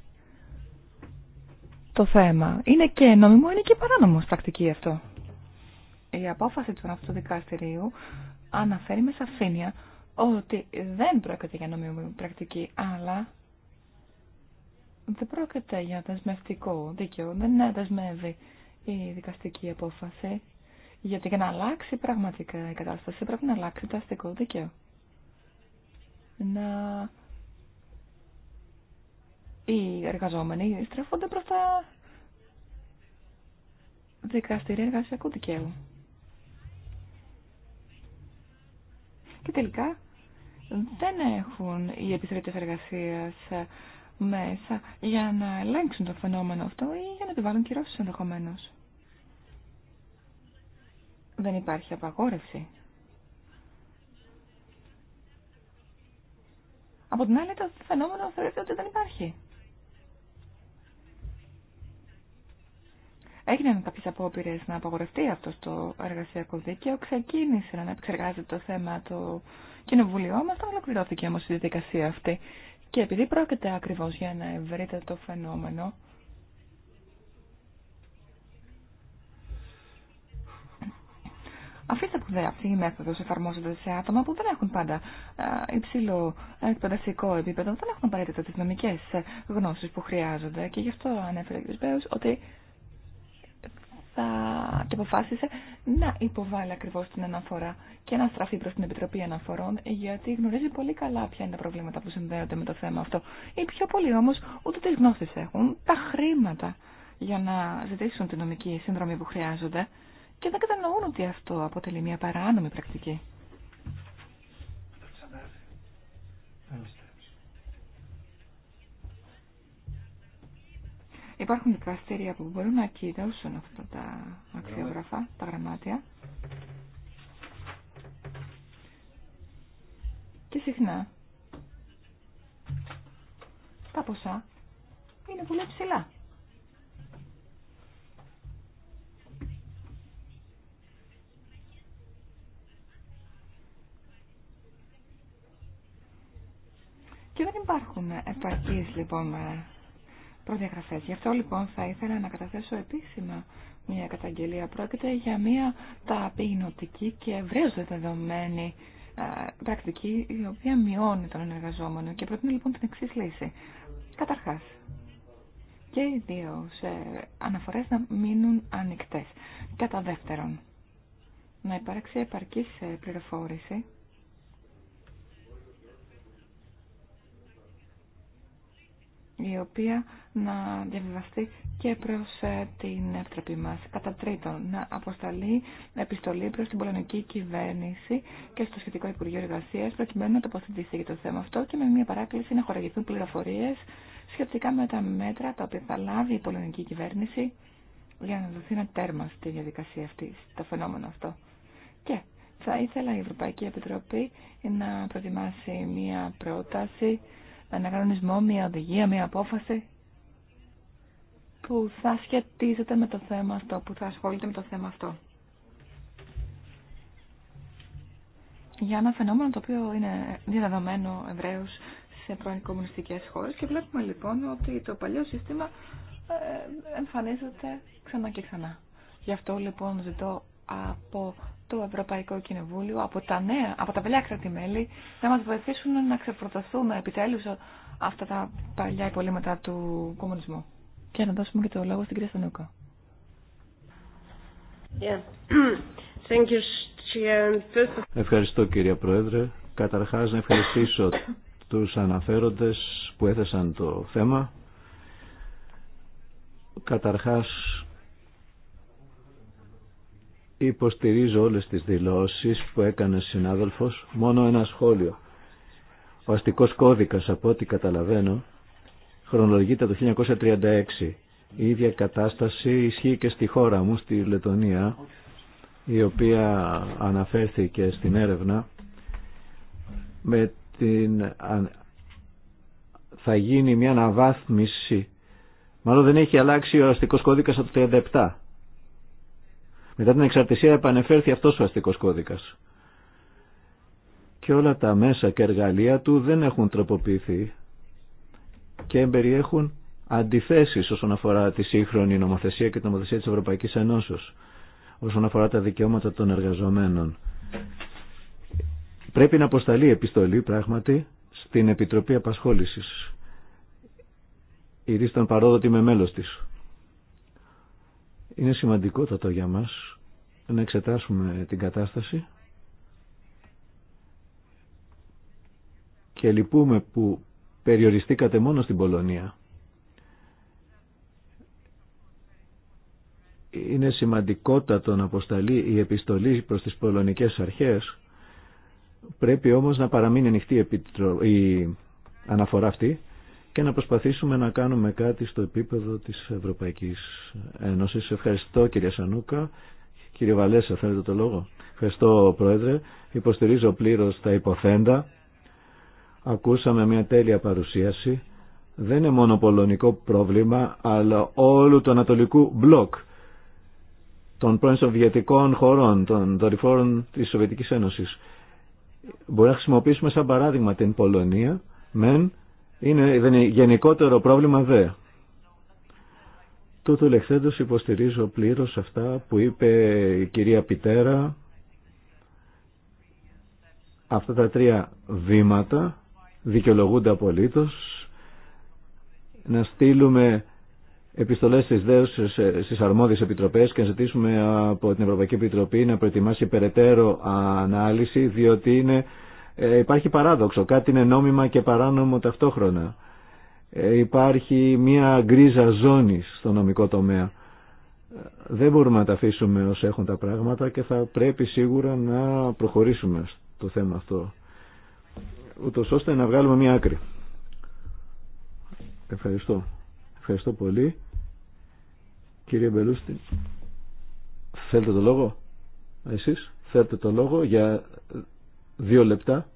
το θέμα. Είναι και νόμιμο, είναι και παράνομο πρακτική αυτό. Η απόφαση του αυτοδικαστηρίου αναφέρει με σαφήνεια ότι δεν πρόκειται για νόμιμη πρακτική, αλλά δεν πρόκειται για δεσμευτικό δίκαιο, δεν δεσμεύει η δικαστική απόφαση. Γιατί για να αλλάξει πραγματικά η κατάσταση πρέπει να αλλάξει το αστικό δίκαιο. Να... Οι εργαζόμενοι στρέφονται προς τα δικαστήρια εργασιακού δικαίου. Και τελικά δεν έχουν οι επιστρέψεις εργασίας μέσα για να ελέγξουν το φαινόμενο αυτό ή για να επιβάλλουν κυρώσεις ενδεχομένω. Δεν υπάρχει απαγόρευση. Από την άλλη το φαινόμενο θεωρείται ότι δεν υπάρχει. Έγιναν κάποιε απόπειρε να απαγορευτεί αυτό το εργασιακό δίκαιο. Ξεκίνησε να επεξεργάζεται το θέμα το κοινοβουλίο μα. Δεν ολοκληρώθηκε όμω η διαδικασία αυτή. Και επειδή πρόκειται ακριβώς για ένα ευρύτατο φαινόμενο, Αφήστε που δε αυτή η μέθοδο εφαρμόζεται σε άτομα που δεν έχουν πάντα υψηλό εκπαιδευτικό επίπεδο, δεν έχουν απαραίτητα τι νομικέ γνώσει που χρειάζονται. Και γι' αυτό ανέφερε ο κ. ότι θα και αποφάσισε να υποβάλει ακριβώ την αναφορά και να στραφεί προ την Επιτροπή Αναφορών, γιατί γνωρίζει πολύ καλά ποια είναι τα προβλήματα που συνδέονται με το θέμα αυτό. Οι πιο πολλοί όμω ούτε τι γνώσει έχουν, τα χρήματα για να ζητήσουν την νομική σύνδρομη που χρειάζονται και δεν κατανοούν ότι αυτό αποτελεί μια παράνομη πρακτική. Υπάρχουν δικαστήρια που μπορούν να κοιτάξουν αυτά τα αξιόγραφα, τα γραμμάτια. Και συχνά τα ποσά είναι πολύ ψηλά. Και δεν υπάρχουν επαρκείς λοιπόν προδιαγραφές. Γι' αυτό λοιπόν θα ήθελα να καταθέσω επίσημα μια καταγγελία. Πρόκειται για μια ταπεινωτική και ευρέως δεδομένη πρακτική η οποία μειώνει τον εργαζόμενο και προτείνει λοιπόν την εξή λύση. Καταρχάς, και οι δύο σε αναφορές να μείνουν ανοιχτές. Κατά δεύτερον, να υπάρξει επαρκής πληροφόρηση η οποία να διαβιβαστεί και προς ε, την Επιτροπή μας. Κατά τρίτον, να αποσταλεί επιστολή προς την πολωνική κυβέρνηση και στο σχετικό Υπουργείο Εργασίας προκειμένου να τοποθετηθεί για το θέμα αυτό και με μια παράκληση να χορηγηθούν πληροφορίες σχετικά με τα μέτρα τα οποία θα λάβει η πολωνική κυβέρνηση για να δοθεί ένα τέρμα στη διαδικασία αυτή, στο φαινόμενο αυτό. Και θα ήθελα η Ευρωπαϊκή Επιτροπή να προετοιμάσει μια πρόταση ένα κανονισμό, μια οδηγία, μια απόφαση που θα σχετίζεται με το θέμα αυτό, που θα ασχολείται με το θέμα αυτό. Για ένα φαινόμενο το οποίο είναι διαδεδομένο ευρέως σε πρώην κομμουνιστικές χώρες και βλέπουμε λοιπόν ότι το παλιό σύστημα ε, εμφανίζεται ξανά και ξανά. Γι' αυτό λοιπόν ζητώ από το Ευρωπαϊκό Κοινοβούλιο, από τα νέα, από τα παλια κρατημέλη κράτη-μέλη, να μας βοηθήσουν να ξεφορτωθούμε επιτέλους αυτά τα παλιά υπολείμματα του κομμουνισμού. Και να δώσουμε και το λόγο στην κυρία Στανούκα. Ευχαριστώ κύριε Πρόεδρε. Καταρχάς να ευχαριστήσω τους αναφέροντες που έθεσαν το θέμα. Καταρχάς Υποστηρίζω όλες τις δηλώσεις που έκανε ο συνάδελφος, μόνο ένα σχόλιο. Ο αστικός κώδικας, από ό,τι καταλαβαίνω, χρονολογείται το 1936. Η ίδια κατάσταση ισχύει και στη χώρα μου, στη Λετωνία, η οποία αναφέρθηκε στην έρευνα με την... θα γίνει μια αναβάθμιση μάλλον δεν έχει αλλάξει ο αστικός κώδικας από το 1937 μετά την εξαρτησία επανεφέρθη αυτός ο αστικός κώδικας. Και όλα τα μέσα και εργαλεία του δεν έχουν τροποποιηθεί και εμπεριέχουν αντιθέσεις όσον αφορά τη σύγχρονη νομοθεσία και την νομοθεσία της Ευρωπαϊκής Ενώσεως όσον αφορά τα δικαιώματα των εργαζομένων. Πρέπει να αποσταλεί επιστολή πράγματι στην Επιτροπή Απασχόλησης. Ήδη στον παρόδοτη με μέλος της. Είναι σημαντικότατο για μας να εξετάσουμε την κατάσταση και λυπούμε που περιοριστήκατε μόνο στην Πολωνία. Είναι σημαντικότατο να αποσταλεί η επιστολή προς τις πολωνικές αρχές. Πρέπει όμως να παραμείνει ανοιχτή η αναφορά αυτή και να προσπαθήσουμε να κάνουμε κάτι στο επίπεδο της Ευρωπαϊκής Ένωσης. Ευχαριστώ κύριε Σανούκα. Κύριε Βαλέσα, θέλετε το λόγο. Ευχαριστώ Πρόεδρε. Υποστηρίζω πλήρως τα υποθέντα. Ακούσαμε μια τέλεια παρουσίαση. Δεν είναι μόνο πολωνικό πρόβλημα, αλλά όλου του ανατολικού μπλοκ των πρώην Σοβιετικών χωρών, των δορυφόρων της Σοβιετικής Ένωσης. Μπορεί να χρησιμοποιήσουμε σαν παράδειγμα την Πολωνία, μεν είναι, δεν είναι γενικότερο πρόβλημα δε. Τούτου λεχθέντος υποστηρίζω πλήρως αυτά που είπε η κυρία Πιτέρα. Αυτά τα τρία βήματα δικαιολογούνται απολύτως. Να στείλουμε επιστολές στις ΔΕΟΣ στις αρμόδιες επιτροπές και να ζητήσουμε από την Ευρωπαϊκή Επιτροπή να προετοιμάσει περαιτέρω ανάλυση διότι είναι ε, υπάρχει παράδοξο. Κάτι είναι νόμιμα και παράνομο ταυτόχρονα. Ε, υπάρχει μια γκρίζα ζώνη στο νομικό τομέα. Δεν μπορούμε να τα αφήσουμε ως έχουν τα πράγματα και θα πρέπει σίγουρα να προχωρήσουμε στο θέμα αυτό. Ούτως ώστε να βγάλουμε μια άκρη. Ευχαριστώ. Ευχαριστώ πολύ. Κύριε Μπελούστη, θέλετε το λόγο. Εσείς θέλετε το λόγο για Δύο λεπτά.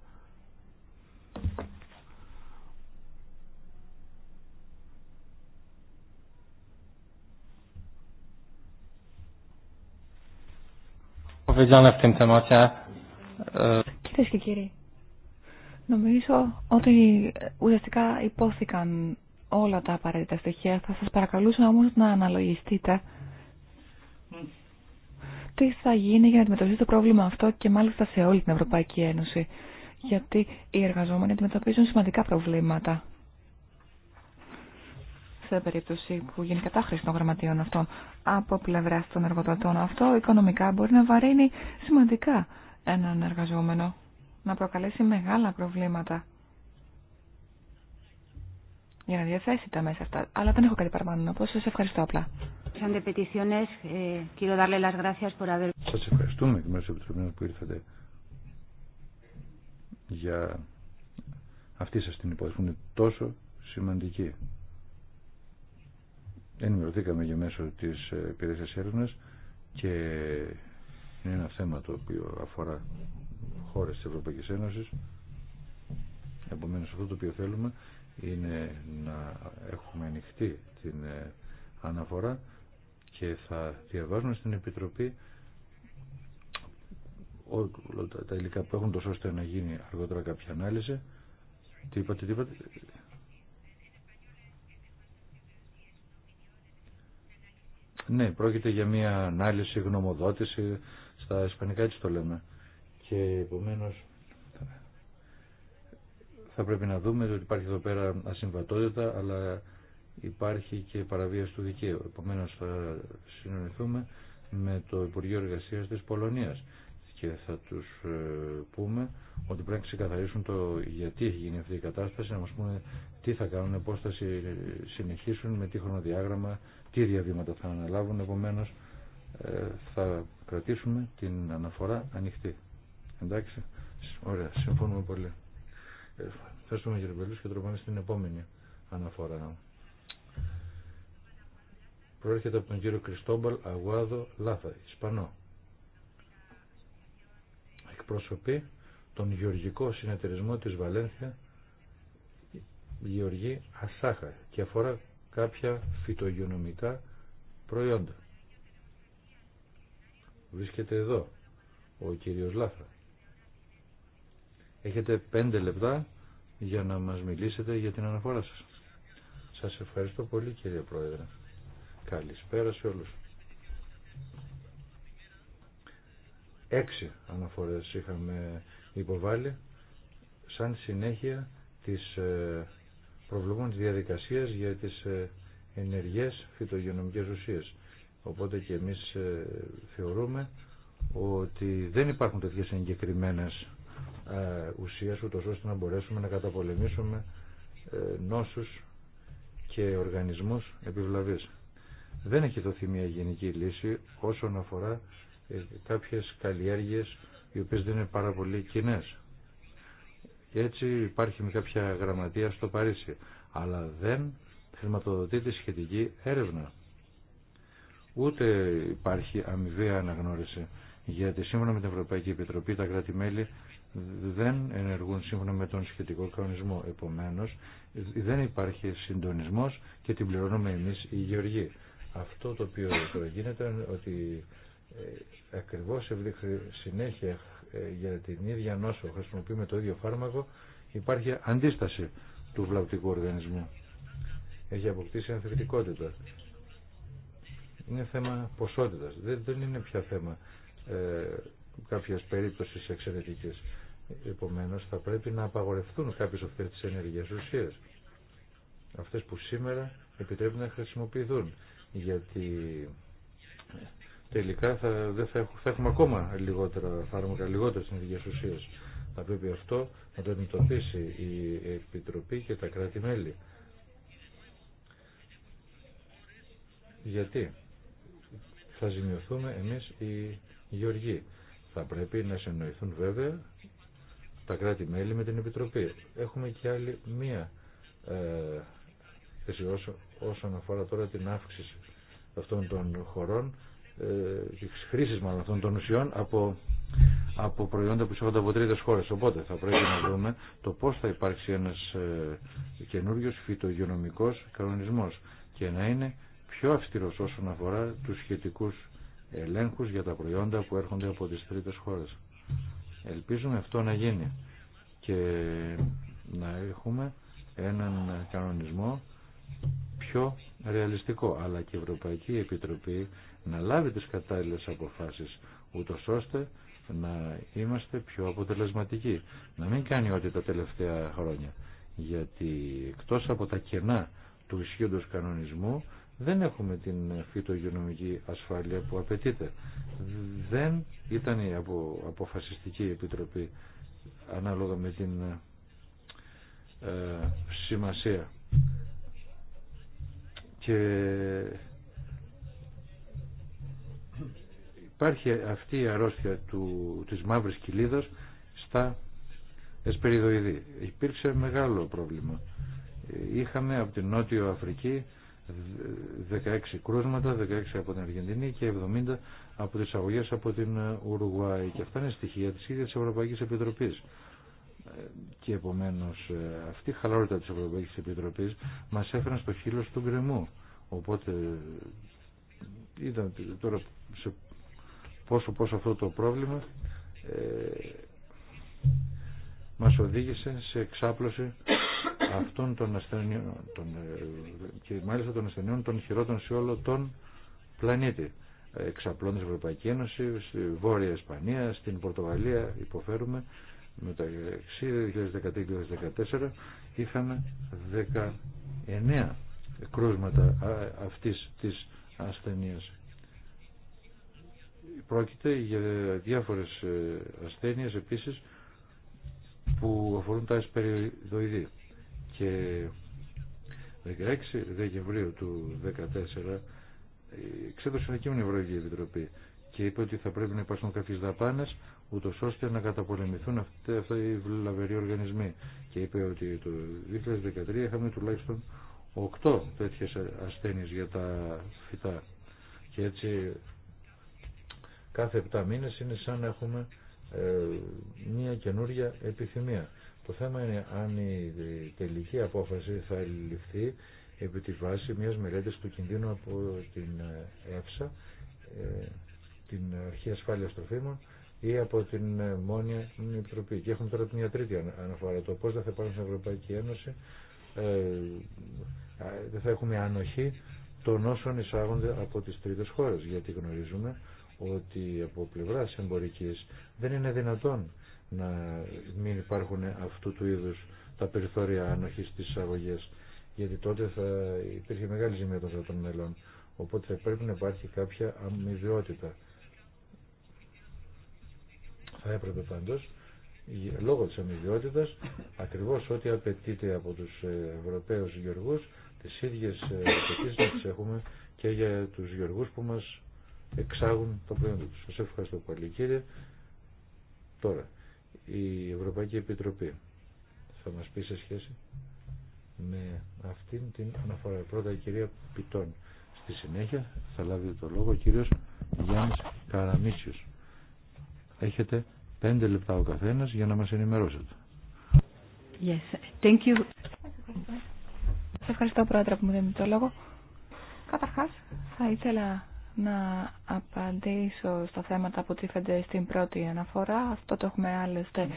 E, Κυρίε και κύριοι, νομίζω ότι ουσιαστικά υπόθηκαν όλα τα απαραίτητα στοιχεία. Θα σας παρακαλούσα όμως να αναλογιστείτε τι θα γίνει για να αντιμετωπίσει το πρόβλημα αυτό και μάλιστα σε όλη την Ευρωπαϊκή Ένωση. Γιατί οι εργαζόμενοι αντιμετωπίζουν σημαντικά προβλήματα σε περίπτωση που γίνει κατάχρηση των γραμματείων αυτών από πλευρά των εργοδοτών. Αυτό οικονομικά μπορεί να βαρύνει σημαντικά έναν εργαζόμενο, να προκαλέσει μεγάλα προβλήματα για να διαθέσει τα μέσα αυτά. Αλλά δεν έχω κάτι παραπάνω να πω. Σα ευχαριστώ απλά. Eh, σας ευχαριστούμε μέσα τη επιτροπής που ήρθατε για αυτή σας την υπόθεση που είναι τόσο σημαντική. Ενημερωθήκαμε για μέσω της ε, υπηρεσίας Έρευνα και είναι ένα θέμα το οποίο αφορά χώρες της Ευρωπαϊκής Ένωσης. Επομένως αυτό το οποίο θέλουμε είναι να έχουμε ανοιχτή την ε, αναφορά και θα διαβάζουμε στην Επιτροπή τα υλικά που έχουν τόσο ώστε να γίνει αργότερα κάποια ανάλυση. Τι είπατε, τι είπατε. Ναι, πρόκειται για μια ανάλυση, γνωμοδότηση, στα ισπανικά έτσι το λέμε. Και επομένως θα πρέπει να δούμε ότι υπάρχει εδώ πέρα ασυμβατότητα, αλλά υπάρχει και παραβίαση του δικαίου. Επομένω θα συνονιθούμε με το Υπουργείο Εργασία τη Πολωνία και θα τους ε, πούμε ότι πρέπει να ξεκαθαρίσουν το γιατί έχει γίνει αυτή η κατάσταση, να μα πούνε τι θα κάνουν, πώ θα συνεχίσουν, με τι χρονοδιάγραμμα, τι διαβήματα θα αναλάβουν. Επομένως ε, θα κρατήσουμε την αναφορά ανοιχτή. Εντάξει, ωραία, συμφωνούμε πολύ. Ε, ευχαριστούμε κύριε Πελούς και τροπάμε στην επόμενη αναφορά προέρχεται από τον κύριο Κριστόμπαλ Αγουάδο Λάθα, Ισπανό. Εκπροσωπεί τον Γεωργικό Συνεταιρισμό της Βαλένθια Γεωργή Ασάχα και αφορά κάποια φυτογειονομικά προϊόντα. Βρίσκεται εδώ ο κύριος Λάθα. Έχετε πέντε λεπτά για να μας μιλήσετε για την αναφορά σας. Σας ευχαριστώ πολύ κύριε Πρόεδρε. Καλησπέρα σε όλους. Έξι αναφορές είχαμε υποβάλει σαν συνέχεια της ε, προβλημών της διαδικασίας για τις ε, ενεργές φυτογενομικές ουσίες. Οπότε και εμείς ε, θεωρούμε ότι δεν υπάρχουν τέτοιες εγκεκριμένες ουσίες ούτως ώστε να μπορέσουμε να καταπολεμήσουμε νόσους και οργανισμούς επιβλαβής δεν έχει δοθεί μια γενική λύση όσον αφορά ε, κάποιες καλλιέργειες οι οποίες δεν είναι πάρα πολύ κοινέ. Έτσι υπάρχει με κάποια γραμματεία στο Παρίσι, αλλά δεν χρηματοδοτεί τη σχετική έρευνα. Ούτε υπάρχει αμοιβαία αναγνώριση, γιατί σύμφωνα με την Ευρωπαϊκή Επιτροπή τα κράτη-μέλη δεν ενεργούν σύμφωνα με τον σχετικό κανονισμό. Επομένως, δεν υπάρχει συντονισμός και την πληρώνουμε εμείς οι γεωργοί. Αυτό το οποίο γίνεται ότι ε, ακριβώς ευλήξει συνέχεια ε, για την ίδια νόσο χρησιμοποιούμε το ίδιο φάρμακο υπάρχει αντίσταση του βλαπτικού οργανισμού. Έχει αποκτήσει ανθεκτικότητα. Είναι θέμα ποσότητας. Δεν, είναι πια θέμα ε, κάποιας περίπτωσης εξαιρετικής. Επομένως θα πρέπει να απαγορευτούν κάποιες αυτές τι ενεργές ουσίες. Αυτές που σήμερα επιτρέπουν να χρησιμοποιηθούν γιατί τελικά θα, δεν θα, έχουμε, ακόμα λιγότερα φάρμακα, λιγότερες συνδικές ουσίες. Θα πρέπει αυτό να το αντιμετωπίσει η Επιτροπή και τα κράτη-μέλη. Γιατί θα ζημιωθούμε εμείς οι γεωργοί. Θα πρέπει να συνοηθούν βέβαια τα κράτη-μέλη με την Επιτροπή. Έχουμε και άλλη μία ε, θέση όσον αφορά τώρα την αύξηση αυτών των χωρών, ε, τη χρήση μάλλον αυτών των ουσιών από, από προϊόντα που εισέρχονται από τρίτες χώρε. Οπότε θα πρέπει να δούμε το πώ θα υπάρξει ένα ε, καινούριο κανονισμός κανονισμό και να είναι πιο αυστηρός όσον αφορά του σχετικού ελέγχου για τα προϊόντα που έρχονται από τι τρίτε χώρε. Ελπίζουμε αυτό να γίνει και να έχουμε έναν κανονισμό πιο ρεαλιστικό, αλλά και η Ευρωπαϊκή Επιτροπή να λάβει τις κατάλληλες αποφάσεις, ούτω ώστε να είμαστε πιο αποτελεσματικοί. Να μην κάνει ό,τι τα τελευταία χρόνια. Γιατί εκτός από τα κενά του ισχύοντος κανονισμού, δεν έχουμε την φυτογενομική ασφάλεια που απαιτείται. Δεν ήταν η αποφασιστική επιτροπή ανάλογα με την ε, σημασία και υπάρχει αυτή η αρρώστια του, της μαύρης κοιλίδας στα εσπεριδοειδή. Υπήρξε μεγάλο πρόβλημα. Είχαμε από την Νότιο Αφρική 16 κρούσματα, 16 από την Αργεντινή και 70 από τις αγωγές από την Ουρουγουάη. Και αυτά είναι στοιχεία της ίδιας Ευρωπαϊκής Επιτροπής. Και επομένως ε, αυτή η χαλαρότητα της Ευρωπαϊκής Επιτροπής μας έφεραν στο χείλος του γκρεμού. Οπότε είδαμε τώρα σε πόσο πόσο αυτό το πρόβλημα ε, μας οδήγησε σε εξάπλωση αυτών των ασθενειών ε, και μάλιστα των ασθενειών των χειρότερων σε όλο τον πλανήτη. Εξαπλώνει την Ευρωπαϊκή Ένωση, στη Βόρεια Ισπανία, στην Πορτογαλία υποφέρουμε μεταξύ 2013-2014 είχαμε 19 κρούσματα αυτής της ασθενείας. Πρόκειται για διάφορες ε, ασθένειες επίσης που αφορούν τα εσπεριδοειδή και 16 Δεκεμβρίου του 2014 ε, εξέδωσε ένα κείμενο η Ευρωπαϊκή Επιτροπή και είπε ότι θα πρέπει να υπάρχουν κάποιε δαπάνε ούτω ώστε να καταπολεμηθούν αυτοί, αυτοί οι βλαβεροί οργανισμοί. Και είπε ότι το 2013 είχαμε τουλάχιστον οκτώ τέτοιες ασθένειες για τα φυτά. Και έτσι κάθε επτά μήνες είναι σαν να έχουμε ε, μια καινούργια επιθυμία. Το θέμα είναι αν η τελική απόφαση θα ληφθεί επί τη βάση μιας μελέτης του κινδύνου από την ε, ΕΦΣΑ, ε, την Αρχή Ασφάλειας Τροφίμων ή από την Μόνια Επιτροπή. Και έχουμε τώρα μια τρίτη αναφορά, το πώς θα πάρουν στην Ευρωπαϊκή Ένωση ε, δεν θα έχουμε ανοχή των όσων εισάγονται από τις τρίτες χώρες γιατί γνωρίζουμε ότι από πλευράς εμπορικής δεν είναι δυνατόν να μην υπάρχουν αυτού του είδους τα περιθώρια ανοχής της εισαγωγή, γιατί τότε θα υπήρχε μεγάλη ζημία των κρατών μελών οπότε θα πρέπει να υπάρχει κάποια αμοιβιότητα. θα έπρεπε πάντως λόγω της αμοιβιότητας ακριβώς ό,τι απαιτείται από τους ε, Ευρωπαίους γεωργούς τις ίδιες ε, απαιτήσεις να τις έχουμε και για τους γεωργούς που μας εξάγουν το πρόγραμμα. τους. Σας ευχαριστώ πολύ κύριε. Τώρα, η Ευρωπαϊκή Επιτροπή θα μας πει σε σχέση με αυτήν την αναφορά. Πρώτα η κυρία Πιτών. Στη συνέχεια θα λάβει το λόγο ο κύριος Γιάννης Καραμίσιος. Έχετε Πέντε λεπτά ο καθένα για να μα ενημερώσετε. Yes, thank you. Σας ευχαριστώ. πρόεδρε που μου δίνετε το λόγο. Καταρχάς θα ήθελα να απαντήσω στα θέματα που τίθενται στην πρώτη αναφορά. Αυτό το έχουμε άλλωστε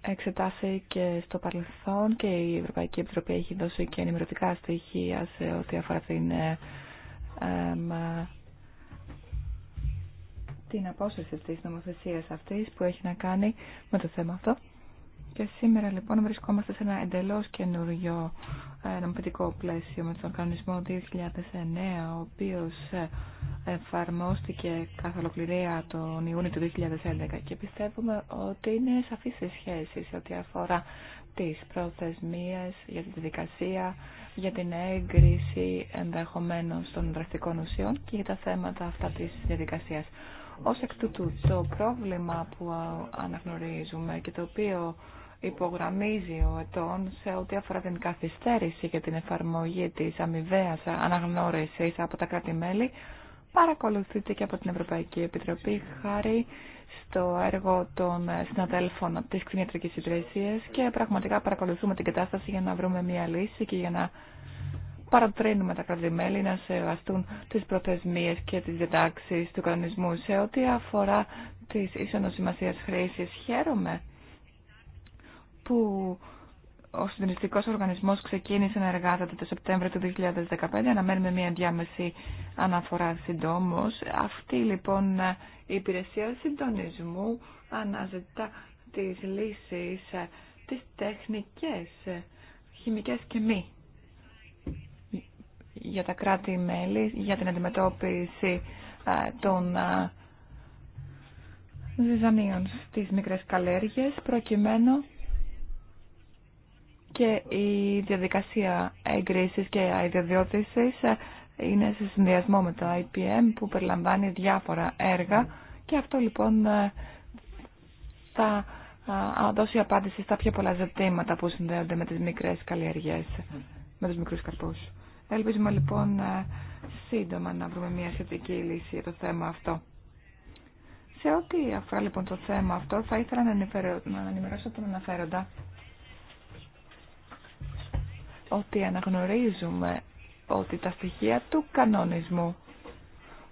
εξετάσει και στο παρελθόν και η Ευρωπαϊκή Επιτροπή έχει δώσει και ενημερωτικά στοιχεία σε ό,τι αφορά την ε, ε, την απόσταση της νομοθεσίας αυτής που έχει να κάνει με το θέμα αυτό. Και σήμερα λοιπόν βρισκόμαστε σε ένα εντελώς καινούριο ε, νομοθετικό πλαίσιο με τον κανονισμό 2009, ο οποίος ε, εφαρμόστηκε καθ' ολοκληρία τον Ιούνιο του 2011 και πιστεύουμε ότι είναι σαφής σε σχέση σε ό,τι αφορά τις προθεσμίες για τη διαδικασία, για την έγκριση ενδεχομένως των δραστικών ουσιών και για τα θέματα αυτά της διαδικασίας. Ως εκ τούτου, το πρόβλημα που αναγνωρίζουμε και το οποίο υπογραμμίζει ο ετών σε ό,τι αφορά την καθυστέρηση και την εφαρμογή της αμοιβαία αναγνώρισης από τα κράτη-μέλη, παρακολουθείται και από την Ευρωπαϊκή Επιτροπή χάρη στο έργο των συναδέλφων της τις Υπηρεσίας και πραγματικά παρακολουθούμε την κατάσταση για να βρούμε μια λύση και για να παρατρύνουμε τα κρατημέλη να σεβαστούν τις προθεσμίες και τις διατάξεις του κανονισμού σε ό,τι αφορά τις ίσονος σημασίας χρήσης. Χαίρομαι που ο συντονιστικό οργανισμό ξεκίνησε να εργάζεται το Σεπτέμβριο του 2015. Αναμένουμε μια διάμεση αναφορά συντόμω. Αυτή λοιπόν η υπηρεσία συντονισμού αναζητά τι λύσει, ε, τι τεχνικέ, ε, χημικέ και μη για τα κράτη-μέλη για την αντιμετώπιση ε, των ζυζανίων ε, στις μικρές καλλιέργειες προκειμένου και η διαδικασία εγκρίσης και ε, είναι σε συνδυασμό με το IPM που περιλαμβάνει διάφορα έργα και αυτό λοιπόν ε, θα δώσει απάντηση στα πιο πολλά ζητήματα που συνδέονται με τις μικρές καλλιέργειες, με τους μικρούς καρπούς. Ελπίζουμε λοιπόν ε, σύντομα να βρούμε μια σχετική λύση για το θέμα αυτό. Σε ό,τι αφορά λοιπόν το θέμα αυτό, θα ήθελα να, ενημερώσω τον αναφέροντα ότι αναγνωρίζουμε ότι τα στοιχεία του κανονισμού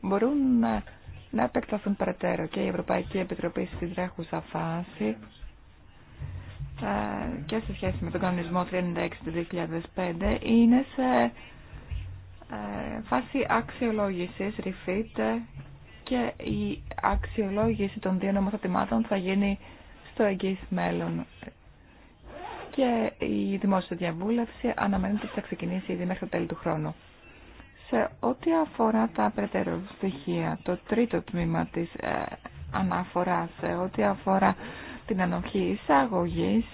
μπορούν να, να επεκταθούν περαιτέρω και η Ευρωπαϊκή Επιτροπή στην τρέχουσα φάση ε, και σε σχέση με τον κανονισμό 36 του 2005 είναι σε ε, φάση αξιολόγησης, refit και η αξιολόγηση των δύο νομοθετημάτων θα γίνει στο εγγύς μέλλον. Και η δημόσια διαβούλευση αναμένεται ότι θα ξεκινήσει ήδη μέχρι το τέλος του χρόνου. Σε ό,τι αφορά τα περαιτέρω στοιχεία, το τρίτο τμήμα της ε, αναφοράς, σε ό,τι αφορά την ανοχή εισαγωγής,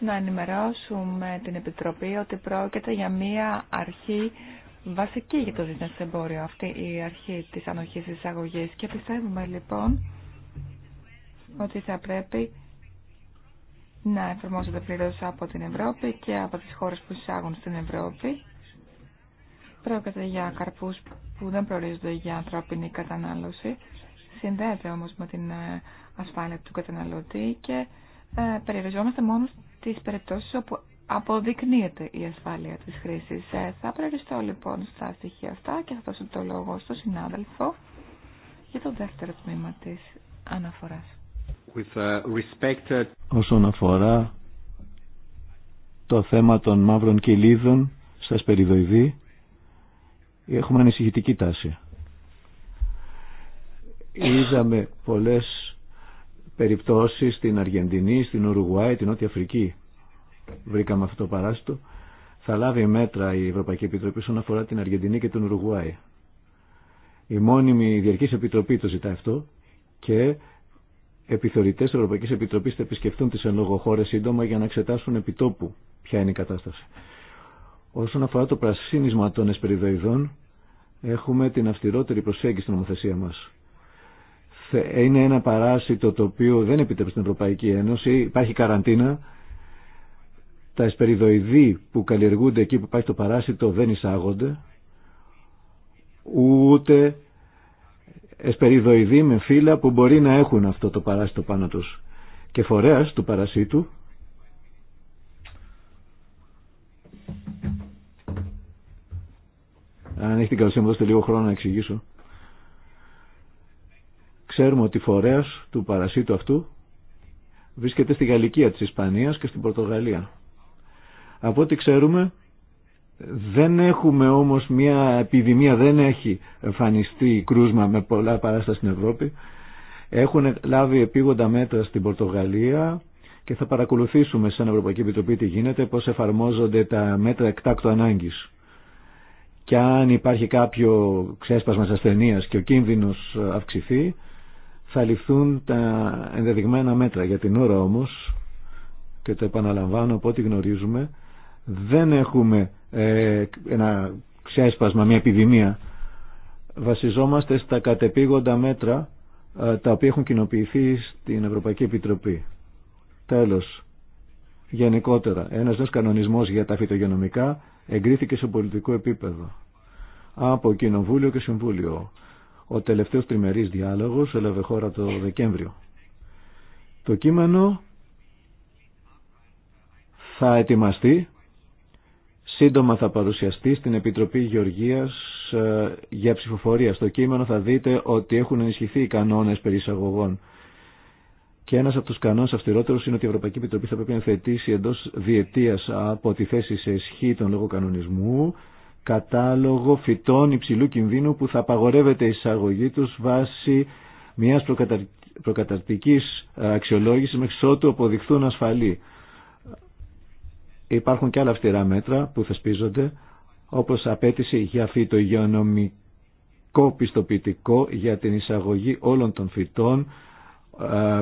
να ενημερώσουμε την Επιτροπή ότι πρόκειται για μία αρχή βασική για το διεθνές εμπόριο, αυτή η αρχή της ανοχής εισαγωγής. Και πιστεύουμε λοιπόν ότι θα πρέπει να εφαρμόζεται πλήρω από την Ευρώπη και από τις χώρες που εισάγουν στην Ευρώπη. Πρόκειται για καρπούς που δεν προορίζονται για ανθρώπινη κατανάλωση. Συνδέεται όμως με την ε, ασφάλεια του καταναλωτή και ε, περιοριζόμαστε μόνο τις περιπτώσεις όπου αποδεικνύεται η ασφάλεια της χρήσης. Ε, θα προεριστώ λοιπόν στα στοιχεία αυτά και θα δώσω το λόγο στον συνάδελφο για το δεύτερο τμήμα της αναφοράς. With uh, respect... Όσον αφορά το θέμα των μαύρων κελίδων στα σπεριδοειδή, έχουμε ανησυχητική τάση. Είδαμε πολλές περιπτώσεις στην Αργεντινή, στην Ουρουγουάη, την Νότια Αφρική. Βρήκαμε αυτό το παράστο. Θα λάβει μέτρα η Ευρωπαϊκή Επιτροπή όσον αφορά την Αργεντινή και την Ουρουγουάη. Η μόνιμη διαρκή Επιτροπή το ζητά αυτό και επιθεωρητέ τη Ευρωπαϊκής Επιτροπής θα επισκεφτούν τι εν λόγω χώρε σύντομα για να εξετάσουν επιτόπου ποια είναι η κατάσταση. Όσον αφορά το πρασίνισμα των εσπεριδοειδών, έχουμε την αυστηρότερη προσέγγιση στην νομοθεσία μα είναι ένα παράσιτο το οποίο δεν επιτρέπει στην Ευρωπαϊκή Ένωση. Υπάρχει καραντίνα. Τα εσπεριδοειδή που καλλιεργούνται εκεί που υπάρχει το παράσιτο δεν εισάγονται. Ούτε εσπεριδοειδή με φύλλα που μπορεί να έχουν αυτό το παράσιτο πάνω τους. Και φορέας του παρασίτου αν έχει την καλωσία μου δώστε λίγο χρόνο να εξηγήσω Ξέρουμε ότι φορέας του παρασίτου αυτού βρίσκεται στη Γαλλικία της Ισπανίας και στην Πορτογαλία. Από ό,τι ξέρουμε δεν έχουμε όμως μια επιδημία, δεν έχει εμφανιστεί κρούσμα με πολλά παράστα στην Ευρώπη. Έχουν λάβει επίγοντα μέτρα στην Πορτογαλία και θα παρακολουθήσουμε σαν Ευρωπαϊκή Επιτροπή τι γίνεται, πώς εφαρμόζονται τα μέτρα εκτάκτου ανάγκης. Και αν υπάρχει κάποιο ξέσπασμα της και ο κίνδυνος αυξηθεί, θα ληφθούν τα ενδεδειγμένα μέτρα. Για την ώρα όμως, και το επαναλαμβάνω από ό,τι γνωρίζουμε, δεν έχουμε ε, ένα ξέσπασμα, μια επιδημία. Βασιζόμαστε στα κατεπήγοντα μέτρα ε, τα οποία έχουν κοινοποιηθεί στην Ευρωπαϊκή Επιτροπή. Τέλος, γενικότερα, ένας νέος κανονισμός για τα φυτογενομικά εγκρίθηκε σε πολιτικό επίπεδο από Κοινοβούλιο και Συμβούλιο. Ο τελευταίος τριμερής διάλογος έλαβε χώρα το Δεκέμβριο. Το κείμενο θα ετοιμαστεί, σύντομα θα παρουσιαστεί στην Επιτροπή Γεωργίας ε, για ψηφοφορία. Στο κείμενο θα δείτε ότι έχουν ενισχυθεί οι κανόνες περί εισαγωγών. Και ένας από τους κανόνες αυστηρότερους είναι ότι η Ευρωπαϊκή Επιτροπή θα πρέπει να θετήσει εντός διετίας από τη θέση σε ισχύ των λόγω κανονισμού κατάλογο φυτών υψηλού κινδύνου που θα απαγορεύεται η εισαγωγή τους βάσει μιας προκαταρτικής αξιολόγησης μέχρι ότου αποδειχθούν ασφαλή. Υπάρχουν και άλλα αυστηρά μέτρα που θεσπίζονται όπως απέτηση για υγειονομικό πιστοποιητικό για την εισαγωγή όλων των φυτών,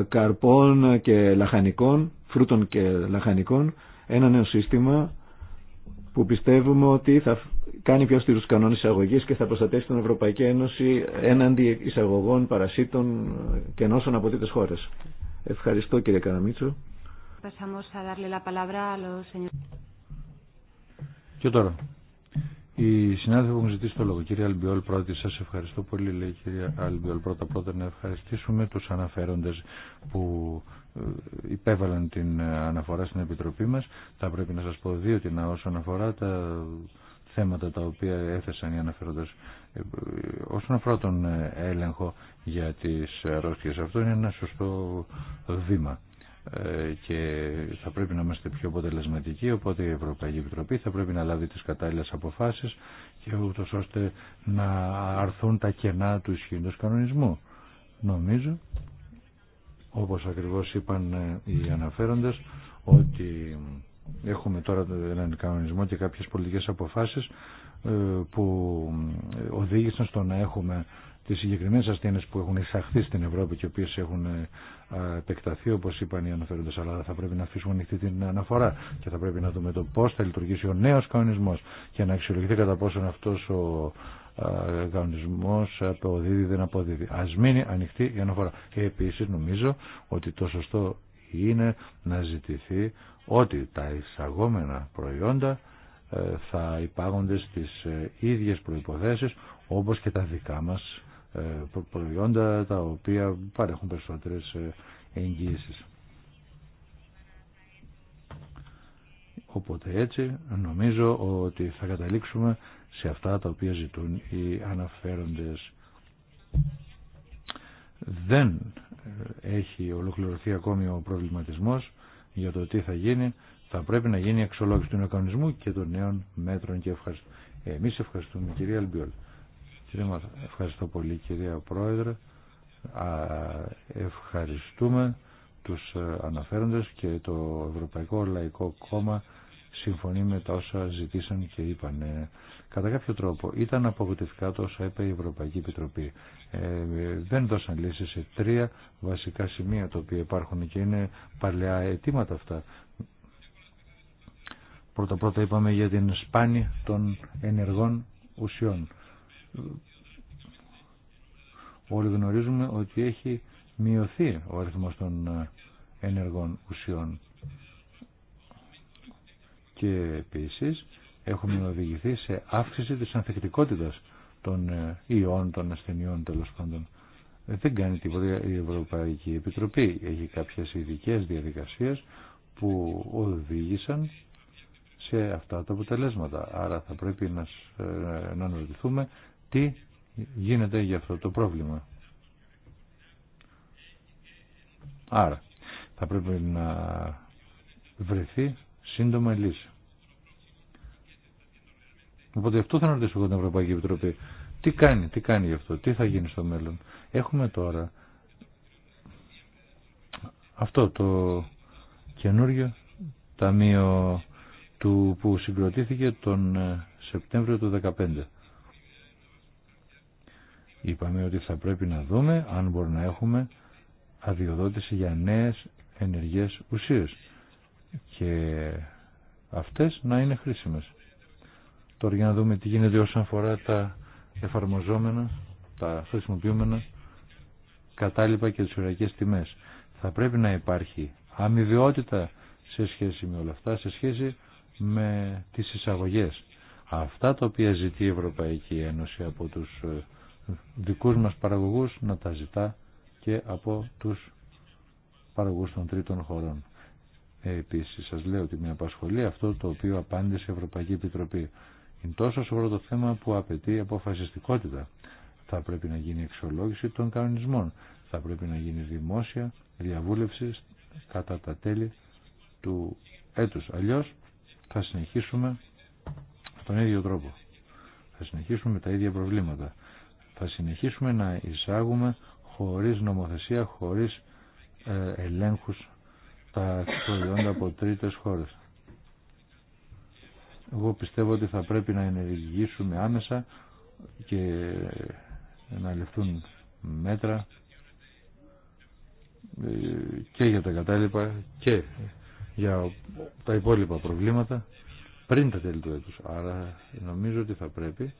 καρπών και λαχανικών, φρούτων και λαχανικών, ένα νέο σύστημα που πιστεύουμε ότι θα κάνει πιο αυστηρού κανόνες εισαγωγής και θα προστατεύσει την Ευρωπαϊκή Ένωση έναντι εισαγωγών, παρασίτων και ενώσεων από τρίτες χώρες. Ευχαριστώ κύριε Καραμίτσο. Και τώρα, οι συνάδελφοι που έχουν ζητήσει το λόγο. Κύριε Αλμπιόλ, πρώτη σα ευχαριστώ πολύ, λέει κυρία Αλμπιόλ. Πρώτα-πρώτα να ευχαριστήσουμε του αναφέροντε που ε, υπέβαλαν την ε, αναφορά στην Επιτροπή μα. Θα πρέπει να σα πω δύο την όσον αφορά τα θέματα τα οποία έθεσαν οι αναφέροντες ε, όσον αφορά τον ε, έλεγχο για τις αρρώστιες. Αυτό είναι ένα σωστό βήμα ε, και θα πρέπει να είμαστε πιο αποτελεσματικοί οπότε η Ευρωπαϊκή Επιτροπή θα πρέπει να λάβει τις κατάλληλες αποφάσεις και ούτως ώστε να αρθούν τα κενά του ισχύοντος κανονισμού. Νομίζω, όπως ακριβώς είπαν οι αναφέροντες, ότι Έχουμε τώρα έναν κανονισμό και κάποιες πολιτικές αποφάσεις ε, που οδήγησαν στο να έχουμε τις συγκεκριμένες ασθένειες που έχουν εισαχθεί στην Ευρώπη και οι οποίες έχουν ε, επεκταθεί όπως είπαν οι αναφέροντες αλλά θα πρέπει να αφήσουμε ανοιχτή την αναφορά και θα πρέπει να δούμε το πώς θα λειτουργήσει ο νέος κανονισμός και να αξιολογηθεί κατά πόσον αυτός ο ε, κανονισμός αποδίδει δεν αποδίδει. Ας μείνει ανοιχτή η αναφορά. Και επίσης νομίζω ότι το σωστό είναι να ζητηθεί ότι τα εισαγόμενα προϊόντα ε, θα υπάγονται στις ε, ίδιες προϋποθέσεις όπως και τα δικά μας ε, προϊόντα τα οποία παρέχουν περισσότερες εγγύησεις. Οπότε έτσι νομίζω ότι θα καταλήξουμε σε αυτά τα οποία ζητούν οι αναφέροντες. Δεν έχει ολοκληρωθεί ακόμη ο προβληματισμός για το τι θα γίνει, θα πρέπει να γίνει η αξιολόγηση του νεοκανονισμού και των νέων μέτρων και ευχαριστώ. Εμείς ευχαριστούμε κυρία Αλμπιόλ. Ευχαριστώ πολύ κυρία Πρόεδρε. Ευχαριστούμε τους ε, αναφέροντες και το Ευρωπαϊκό Λαϊκό Κόμμα συμφωνεί με τα όσα ζητήσαν και είπαν κατά κάποιο τρόπο ήταν απογοητευτικά όσα είπε η Ευρωπαϊκή Επιτροπή. Ε, δεν δώσαν λύσεις σε τρία βασικά σημεία τα οποία υπάρχουν και είναι παλαιά αιτήματα αυτά. Πρώτα πρώτα είπαμε για την σπάνη των ενεργών ουσιών. Όλοι γνωρίζουμε ότι έχει μειωθεί ο αριθμός των ενεργών ουσιών. Και επίσης έχουμε οδηγηθεί σε αύξηση της ανθεκτικότητας των ε, ιών, των ασθενειών τέλο πάντων. Δεν κάνει τίποτα η Ευρωπαϊκή Επιτροπή. Έχει κάποιες ειδικέ διαδικασίες που οδήγησαν σε αυτά τα αποτελέσματα. Άρα θα πρέπει να, ε, να αναρωτηθούμε τι γίνεται για αυτό το πρόβλημα. Άρα θα πρέπει να βρεθεί σύντομα λύση. Οπότε αυτό θα ρωτήσω εγώ την Ευρωπαϊκή Επιτροπή. Τι κάνει, τι κάνει γι' αυτό, τι θα γίνει στο μέλλον. Έχουμε τώρα αυτό το καινούριο ταμείο του που συγκροτήθηκε τον ε, Σεπτέμβριο του 2015. Είπαμε ότι θα πρέπει να δούμε αν μπορούμε να έχουμε αδειοδότηση για νέες ενεργές ουσίες και αυτές να είναι χρήσιμες. Τώρα για να δούμε τι γίνεται όσον αφορά τα εφαρμοζόμενα, τα χρησιμοποιούμενα κατάλοιπα και τις ουρακές τιμές. Θα πρέπει να υπάρχει αμοιβαιότητα σε σχέση με όλα αυτά, σε σχέση με τις εισαγωγές. Αυτά τα οποία ζητεί η Ευρωπαϊκή Ένωση από τους ε, δικούς μας παραγωγούς να τα ζητά και από τους παραγωγούς των τρίτων χωρών. Ε, επίσης σας λέω ότι με απασχολεί αυτό το οποίο απάντησε η Ευρωπαϊκή Επιτροπή είναι τόσο σοβαρό το θέμα που απαιτεί αποφασιστικότητα. Θα πρέπει να γίνει εξολόγηση των κανονισμών. Θα πρέπει να γίνει δημόσια διαβούλευση κατά τα τέλη του έτους. Αλλιώς θα συνεχίσουμε τον ίδιο τρόπο. Θα συνεχίσουμε τα ίδια προβλήματα. Θα συνεχίσουμε να εισάγουμε χωρίς νομοθεσία, χωρίς ε, ελέγχους τα προϊόντα από τρίτες χώρες. Εγώ πιστεύω ότι θα πρέπει να ενεργήσουμε άμεσα και να ληφθούν μέτρα ε, και για τα κατάλοιπα και για τα υπόλοιπα προβλήματα πριν τα τέλη του έτους. Άρα νομίζω ότι θα πρέπει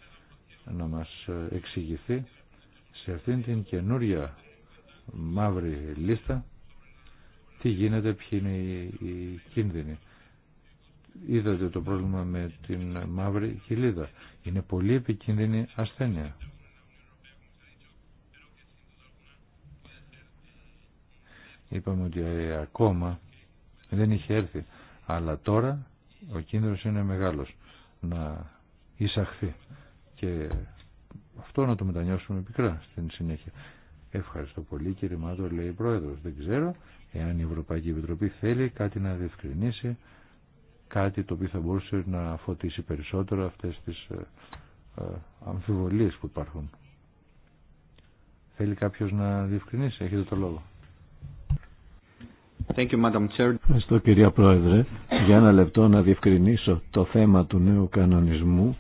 να μας εξηγηθεί σε αυτήν την καινούρια μαύρη λίστα τι γίνεται, ποιοι είναι οι κίνδυνοι. Είδατε το πρόβλημα με την μαύρη χιλίδα. Είναι πολύ επικίνδυνη ασθένεια. Είπαμε ότι ε, ακόμα δεν είχε έρθει. Αλλά τώρα ο κίνδυνος είναι μεγάλος να εισαχθεί. Και αυτό να το μετανιώσουμε πικρά στην συνέχεια. Ευχαριστώ πολύ κύριε Μάτο, λέει η Πρόεδρος. Δεν ξέρω εάν η Ευρωπαϊκή Επιτροπή θέλει κάτι να διευκρινίσει κάτι το οποίο θα μπορούσε να φωτίσει περισσότερο αυτές τις ε, ε, αμφιβολίες που υπάρχουν. Θέλει κάποιος να διευκρινίσει, έχετε το λόγο. Thank you, Madam Ευχαριστώ κυρία Πρόεδρε. Για ένα λεπτό να διευκρινίσω το θέμα του νέου κανονισμού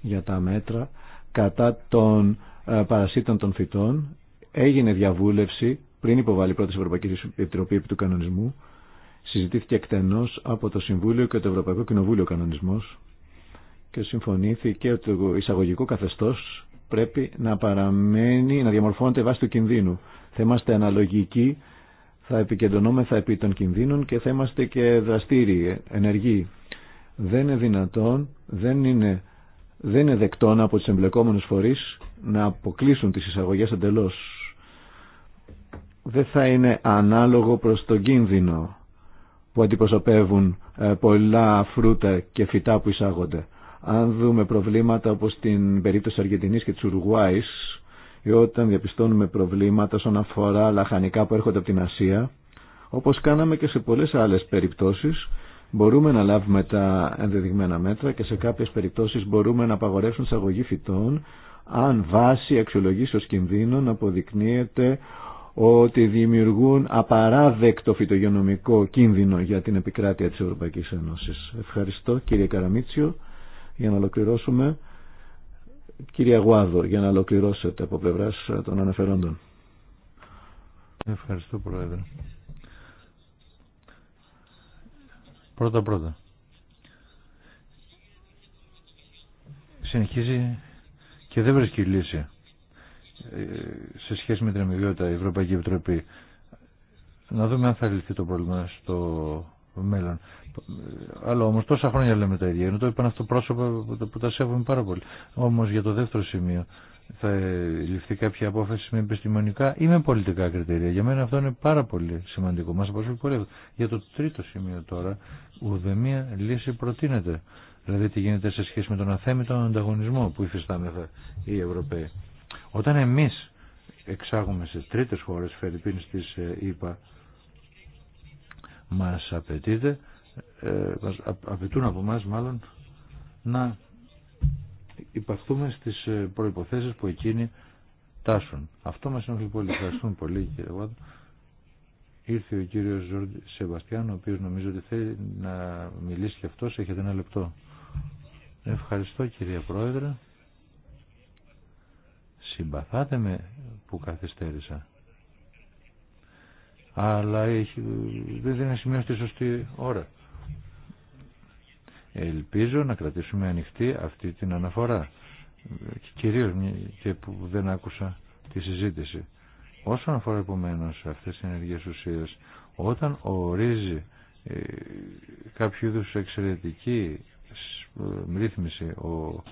για τα μέτρα κατά των ε, παρασύτων των φυτών. Έγινε διαβούλευση πριν υποβάλει πρώτη Ευρωπαϊκή Επιτροπή του κανονισμού συζητήθηκε εκτενώς από το Συμβούλιο και το Ευρωπαϊκό Κοινοβούλιο κανονισμός και συμφωνήθηκε ότι το εισαγωγικό καθεστώς πρέπει να παραμένει, να διαμορφώνεται βάσει του κινδύνου. Θα είμαστε αναλογικοί, θα επικεντρωνόμεθα επί των κινδύνων και θα είμαστε και δραστήριοι, ενεργοί. Δεν είναι δυνατόν, δεν είναι, δεν είναι δεκτόν από τι εμπλεκόμενους φορείς να αποκλείσουν τις εισαγωγές εντελώς. Δεν θα είναι ανάλογο προς τον κίνδυνο που αντιπροσωπεύουν ε, πολλά φρούτα και φυτά που εισάγονται. Αν δούμε προβλήματα όπως στην περίπτωση Αργεντινής και της Ουρουγουάης ή όταν διαπιστώνουμε προβλήματα όσον αφορά λαχανικά που έρχονται από την Ασία, όπως κάναμε και σε πολλές άλλες περιπτώσεις, μπορούμε να λάβουμε τα ενδεδειγμένα μέτρα και σε κάποιες περιπτώσεις μπορούμε να απαγορεύσουν εισαγωγή φυτών αν βάση αξιολογήσεως κινδύνων αποδεικνύεται ότι δημιουργούν απαράδεκτο φυτογενομικό κίνδυνο για την επικράτεια της Ευρωπαϊκής Ένωσης. Ευχαριστώ κύριε Καραμίτσιο για να ολοκληρώσουμε. Κύριε Αγουάδο, για να ολοκληρώσετε από πλευρά των αναφερόντων. Ευχαριστώ Πρόεδρε. Πρώτα πρώτα. Συνεχίζει και δεν βρίσκει λύση σε σχέση με την αμοιβιότητα η Ευρωπαϊκή Επιτροπή. Να δούμε αν θα λυθεί το πρόβλημα στο μέλλον. Αλλά όμω τόσα χρόνια λέμε τα ίδια. Ενώ το είπαν πρόσωπα που τα σέβομαι πάρα πολύ. Όμω για το δεύτερο σημείο θα ληφθεί κάποια απόφαση με επιστημονικά ή με πολιτικά κριτήρια. Για μένα αυτό είναι πάρα πολύ σημαντικό. Μα απασχολεί πολύ αυτό. Για το τρίτο σημείο τώρα, ουδέμια λύση προτείνεται. Δηλαδή τι γίνεται σε σχέση με τον αθέμητο ανταγωνισμό που υφιστάμεθα οι Ευρωπαίοι. Όταν εμείς εξάγουμε σε τρίτες χώρες, Φερρυπίνης της ε, είπα μας απαιτείται, ε, απαιτούν από εμάς μάλλον να υπαχθούμε στις ε, προϋποθέσεις που εκείνοι τάσουν. Αυτό μας ενοχλεί πολύ. Ευχαριστούμε πολύ κύριε Βάδο. Ήρθε ο κύριος Ζόρντι Σεβαστιάν, ο οποίος νομίζω ότι θέλει να μιλήσει και αυτός. Έχετε ένα λεπτό. Ευχαριστώ κύριε Πρόεδρε συμπαθάτε με που καθυστέρησα. Αλλά έχει, δεν είναι σημείο στη σωστή ώρα. Ελπίζω να κρατήσουμε ανοιχτή αυτή την αναφορά. Κυρίως και που δεν άκουσα τη συζήτηση. Όσον αφορά επομένω αυτές τις ενεργές ουσίες, όταν ορίζει ε, κάποιο είδου εξαιρετική ε, ρύθμιση ο,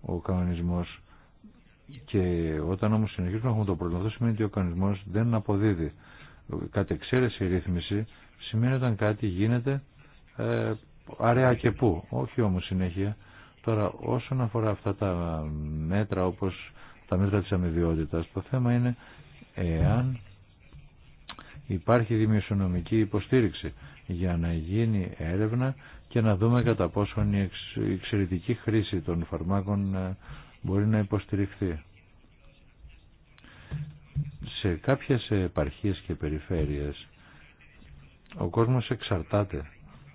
ο κανονισμός και όταν όμως συνεχίζουμε να έχουμε το πρόβλημα, αυτό σημαίνει ότι ο κανονισμός δεν αποδίδει. Κατ' εξαίρεση η ρύθμιση σημαίνει όταν κάτι γίνεται ε, αραιά και πού, όχι όμως συνέχεια. Τώρα όσον αφορά αυτά τα μέτρα όπως τα μέτρα της αμοιβιότητας, το θέμα είναι εάν υπάρχει δημοσιονομική υποστήριξη για να γίνει έρευνα και να δούμε κατά πόσο η εξαιρετική χρήση των φαρμάκων ε, μπορεί να υποστηριχθεί. Σε κάποιες επαρχίες και περιφέρειες ο κόσμος εξαρτάται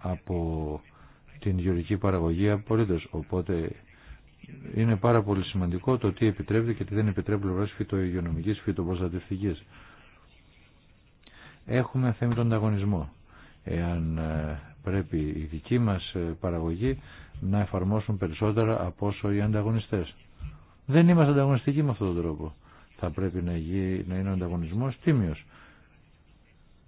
από την γεωργική παραγωγή απολύτως. Οπότε είναι πάρα πολύ σημαντικό το τι επιτρέπεται και τι δεν επιτρέπει πλευράς φυτοϊγειονομικής, φυτοπροστατευτικής. Έχουμε θέμα τον ανταγωνισμό. Εάν ε, πρέπει η δική μας ε, παραγωγή να εφαρμόσουν περισσότερα από όσο οι ανταγωνιστές. Δεν είμαστε ανταγωνιστικοί με αυτόν τον τρόπο. Θα πρέπει να, να είναι ο ανταγωνισμός τίμιος.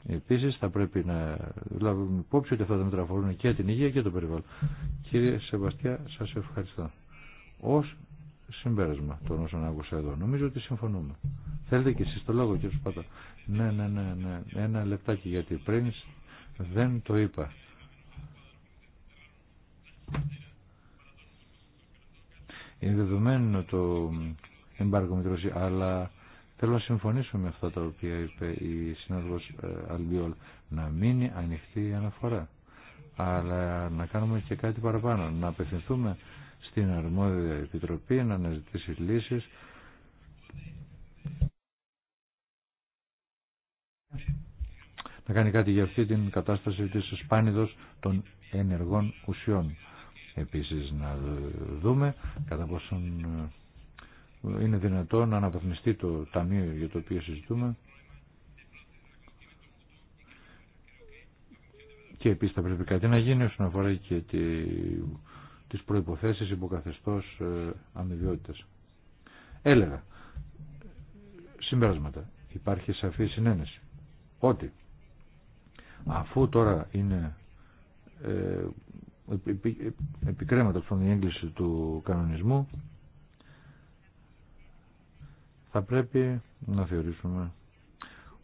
Επίσης θα πρέπει να λάβουμε υπόψη ότι αυτά τα μέτρα και την υγεία και το περιβάλλον. Κύριε Σεβαστιά, σας ευχαριστώ. Ως συμπέρασμα των όσων άκουσα εδώ. Νομίζω ότι συμφωνούμε. Θέλετε και εσείς το λόγο κύριε Σπάτα. Ναι, ναι, ναι, ναι. Ένα λεπτάκι γιατί πριν δεν το είπα. Είναι δεδομένο το εμπάρκο με τη Ρωσία, αλλά θέλω να συμφωνήσω με αυτά τα οποία είπε η συνάδελφος ε, Αλμπιόλ. Να μείνει ανοιχτή η αναφορά, αλλά να κάνουμε και κάτι παραπάνω, να απευθυνθούμε στην αρμόδια επιτροπή, να αναζητήσει λύσεις, να κάνει κάτι για αυτή την κατάσταση της σπάνιδος των ενεργών ουσιών. Επίσης να δούμε κατά πόσον ε, είναι δυνατόν να αναβαθμιστεί το ταμείο για το οποίο συζητούμε και επίσης θα πρέπει κάτι να γίνει όσον αφορά και τη, τις προϋποθέσεις υποκαθεστώς ε, αμοιβιότητας. Έλεγα, συμπεράσματα, υπάρχει σαφή συνένεση ότι αφού τώρα είναι ε, επικρέματα από την έγκληση του κανονισμού θα πρέπει να θεωρήσουμε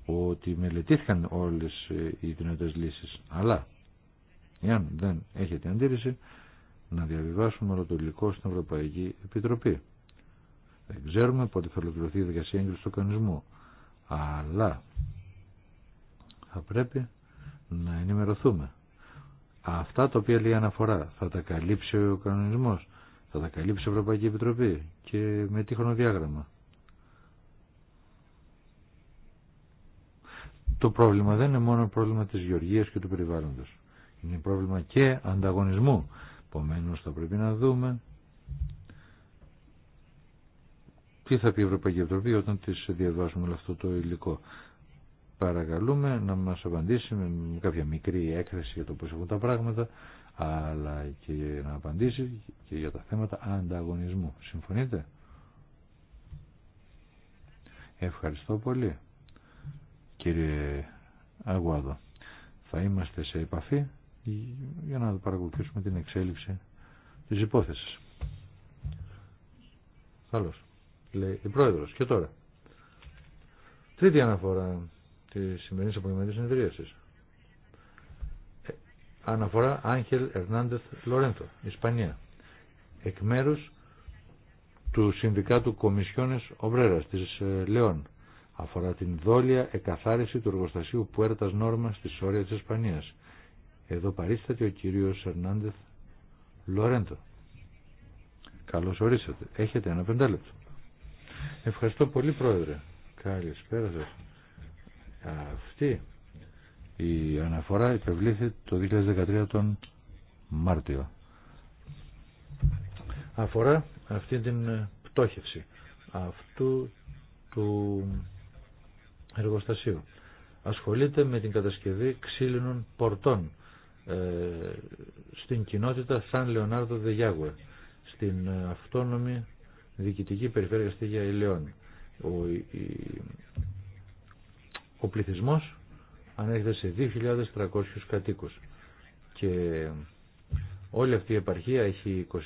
ότι μελετήθηκαν όλες οι δυνατές λύσεις αλλά εάν δεν έχετε αντίρρηση να διαβιβάσουμε το υλικό στην Ευρωπαϊκή Επιτροπή δεν ξέρουμε πότε θα ολοκληρωθεί η δικασία του κανονισμού αλλά θα πρέπει να ενημερωθούμε Αυτά τα οποία λέει αναφορά θα τα καλύψει ο κανονισμός, θα τα καλύψει η Ευρωπαϊκή Επιτροπή και με τι χρονοδιάγραμμα. Το πρόβλημα δεν είναι μόνο πρόβλημα της γεωργίας και του περιβάλλοντος. Είναι πρόβλημα και ανταγωνισμού. Επομένω θα πρέπει να δούμε τι θα πει η Ευρωπαϊκή Επιτροπή όταν της διαβάσουμε όλο αυτό το υλικό παρακαλούμε να μας απαντήσει με κάποια μικρή έκθεση για το πώς έχουν τα πράγματα αλλά και να απαντήσει και για τα θέματα ανταγωνισμού. Συμφωνείτε? Ευχαριστώ πολύ κύριε Αγουάδο. Θα είμαστε σε επαφή για να παρακολουθήσουμε την εξέλιξη της υπόθεσης. Καλώς. Λέει η πρόεδρος. Και τώρα. Τρίτη αναφορά τη σημερινή απογευματινή συνεδρίαση. Ε, αναφορά Άγχελ Ερνάντεθ Λορέντο, Ισπανία. Εκ μέρου του Συνδικάτου Κομισιόνε Ομπρέρα τη ε, Λεόν. Αφορά την δόλια εκαθάριση του εργοστασίου Πουέρτα Νόρμα στη Σόρια τη Ισπανία. Εδώ παρίσταται ο κύριο Ερνάντεθ Λορέντο. Καλώ ορίσατε. Έχετε ένα πεντάλεπτο. Ευχαριστώ πολύ, Πρόεδρε. Καλησπέρα σα. Αυτή η αναφορά υπευλήθη το 2013 τον Μάρτιο. Αφορά αυτή την ε, πτώχευση αυτού του εργοστασίου. Ασχολείται με την κατασκευή ξύλινων πορτών ε, στην κοινότητα Σαν Λεωνάρδο Δεγιάγουε, στην ε, αυτόνομη διοικητική περιφέρεια Στήγια Ηλαιών. Ο, ο πληθυσμός ανέρχεται σε 2.300 κατοίκους και όλη αυτή η επαρχία έχει 23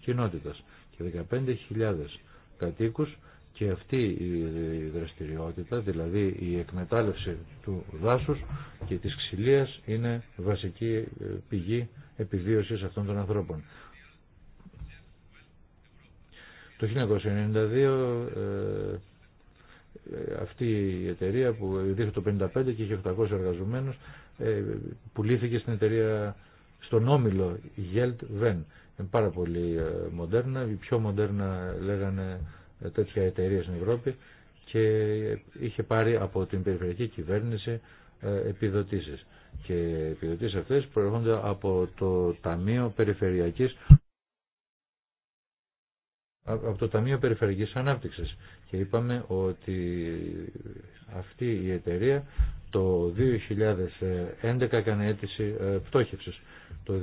κοινότητες και 15.000 κατοίκους και αυτή η δραστηριότητα, δηλαδή η εκμετάλλευση του δάσους και της ξυλίας είναι βασική ε, πηγή επιβίωσης αυτών των ανθρώπων. Το 1992 ε, αυτή η εταιρεία που δείχνει το 55 και είχε 800 εργαζομένους ε, πουλήθηκε στην εταιρεία στον Όμιλο Yeld Ven πάρα πολύ ε, μοντέρνα η πιο μοντέρνα λέγανε τέτοια εταιρεία στην Ευρώπη και είχε πάρει από την περιφερειακή κυβέρνηση επιδοτήσεις και επιδοτήσεις αυτές προέρχονται από το Ταμείο Περιφερειακής από το Ταμείο Περιφερειακής Ανάπτυξης και είπαμε ότι αυτή η εταιρεία το 2011 έκανε αίτηση ε, πτώχευσης. Το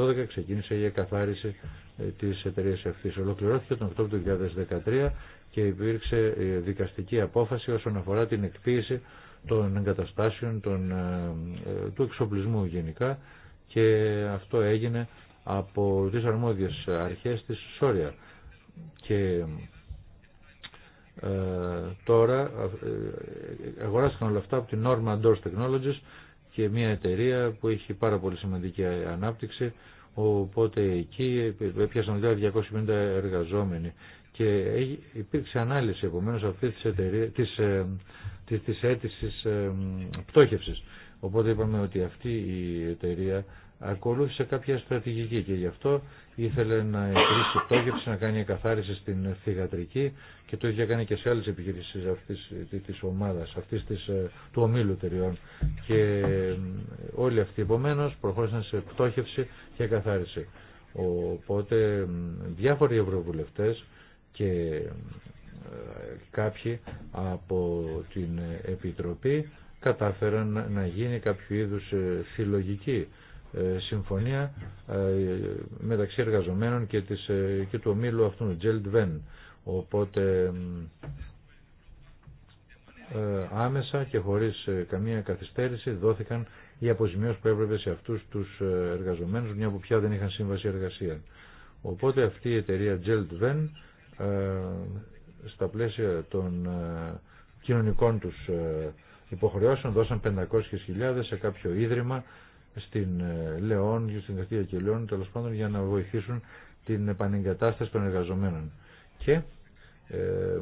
2012 ξεκίνησε η εκαθάριση ε, της εταιρείας αυτής. Ολοκληρώθηκε τον Οκτώβριο του 2013 και υπήρξε ε, δικαστική απόφαση όσον αφορά την εκποίηση των εγκαταστάσεων, του εξοπλισμού γενικά και αυτό έγινε από τις αρμόδιες αρχές της Σόρια. Και ε, τώρα ε, αγοράστηκαν όλα αυτά από την Norma Doors Technologies και μια εταιρεία που έχει πάρα πολύ σημαντική ανάπτυξη οπότε εκεί έπιασαν 250 εργαζόμενοι και υπήρξε ανάλυση επομένως αυτή της, εταιρεία, της, ε, της, της αίτησης ε, πτώχευσης. Οπότε είπαμε ότι αυτή η εταιρεία ακολούθησε κάποια στρατηγική και γι' αυτό ήθελε να εκρήσει πτώχευση, να κάνει εκαθάριση στην θηγατρική και το ίδιο έκανε και σε άλλες επιχειρήσεις αυτής της ομάδας, αυτής της, ε, του ομίλου τεριών Και ε, όλοι αυτοί επομένω προχώρησαν σε πτώχευση και καθάριση Οπότε διάφοροι ευρωβουλευτές και ε, κάποιοι από την Επιτροπή κατάφεραν να γίνει κάποιο είδους συλλογική ε, συμφωνία ε, μεταξύ εργαζομένων ε, και, του ομίλου αυτού, Τζέλντ Βεν. Οπότε άμεσα και χωρίς καμία καθυστέρηση δόθηκαν οι αποζημιώσεις που έπρεπε σε αυτούς τους εργαζομένους μια που πια δεν είχαν σύμβαση εργασία. Οπότε αυτή η εταιρεία Τζελτ Βεν στα πλαίσια των κοινωνικών τους υποχρεώσεων δώσαν 500.000 σε κάποιο ίδρυμα στην ε, Λεόν και στην Καστία και Λεόν τέλο πάντων για να βοηθήσουν την επανεγκατάσταση των εργαζομένων. Και ε,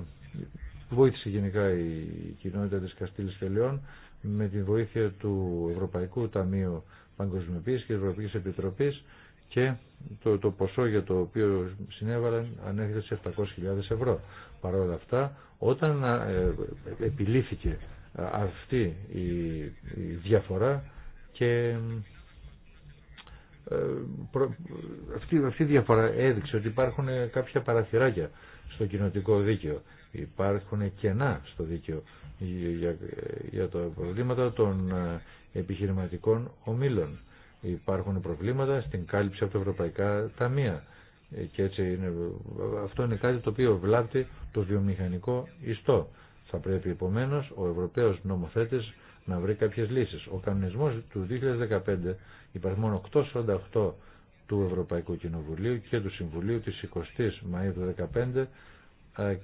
βοήθησε γενικά η κοινότητα της Καστήλης και Λεόν με τη βοήθεια του Ευρωπαϊκού Ταμείου Παγκοσμιοποίησης και Ευρωπαϊκής Επιτροπής και το, ποσό για το οποίο συνέβαλαν ανέχεται σε 700.000 ευρώ. Παρ' όλα αυτά, όταν ε, ε, επιλήθηκε αυτή η διαφορά, και ε, αυτή, αυτή η διαφορά έδειξε ότι υπάρχουν κάποια παραθυράκια στο κοινοτικό δίκαιο. Υπάρχουν κενά στο δίκαιο για, για τα προβλήματα των ε, επιχειρηματικών ομίλων. Υπάρχουν προβλήματα στην κάλυψη από τα ευρωπαϊκά ταμεία. Ε, και έτσι είναι, αυτό είναι κάτι το οποίο βλάπτει το βιομηχανικό ιστό. Θα πρέπει επομένω ο Ευρωπαίος νομοθέτης να βρει κάποιες λύσεις. Ο κανονισμός του 2015 υπαρχμόν 848 του Ευρωπαϊκού Κοινοβουλίου και του Συμβουλίου της 20ης Μαΐου του 2015 ε,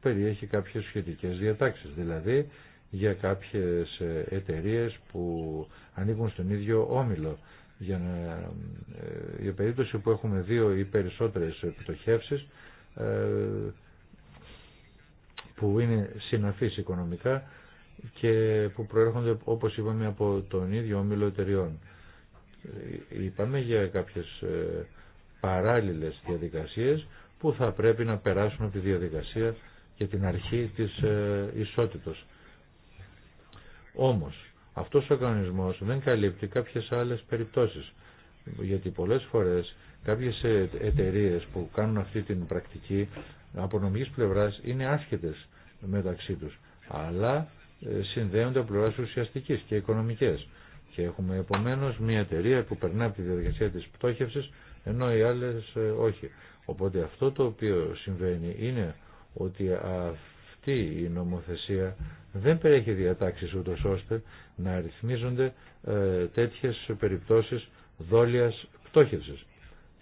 περιέχει κάποιες σχετικές διατάξεις, δηλαδή για κάποιες ε, εταιρείε που ανήκουν στον ίδιο όμιλο. Για, να, ε, περίπτωση που έχουμε δύο ή περισσότερες επιτοχεύσεις που είναι συναφείς οικονομικά και που προέρχονται όπως είπαμε από τον ίδιο όμιλο εταιριών. Είπαμε για κάποιες ε, παράλληλες διαδικασίες που θα πρέπει να περάσουν από τη διαδικασία και την αρχή της ε, ισότητος. Όμως, αυτός ο κανονισμός δεν καλύπτει κάποιες άλλες περιπτώσεις, γιατί πολλές φορές κάποιες ε, εταιρείε που κάνουν αυτή την πρακτική από νομικής πλευράς είναι άσχετες μεταξύ τους, αλλά συνδέονται από πλευρά και οικονομικέ. Και έχουμε επομένω μια εταιρεία που περνά από τη διαδικασία τη πτώχευση, ενώ οι άλλε ε, όχι. Οπότε αυτό το οποίο συμβαίνει είναι ότι αυτή η νομοθεσία δεν περιέχει διατάξεις ούτω ώστε να αριθμίζονται ε, τέτοιες περιπτώσεις δόλιας πτώχευσης.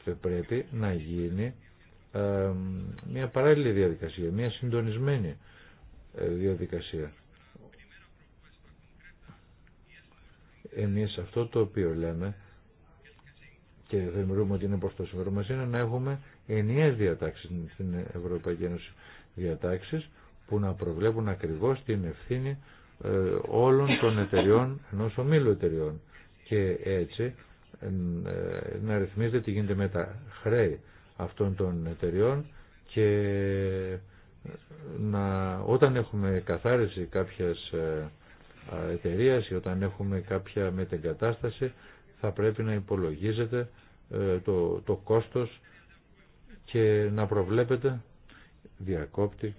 Και πρέπει να γίνει ε, μια παράλληλη διαδικασία, μια συντονισμένη διαδικασία. Εμείς αυτό το οποίο λέμε και θεωρούμε ότι είναι προς το μας είναι να έχουμε ενιαίες διατάξεις στην Ευρωπαϊκή Ένωση διατάξεις που να προβλέπουν ακριβώς την ευθύνη ε, όλων των εταιριών ενός ομίλου εταιριών και έτσι ε, να ρυθμίζεται τι γίνεται με τα χρέη αυτών των εταιριών και ε, να, όταν έχουμε καθάριση κάποιας εταιρεία ή όταν έχουμε κάποια μετεγκατάσταση θα πρέπει να υπολογίζεται ε, το, το κόστος και να προβλέπεται διακόπτη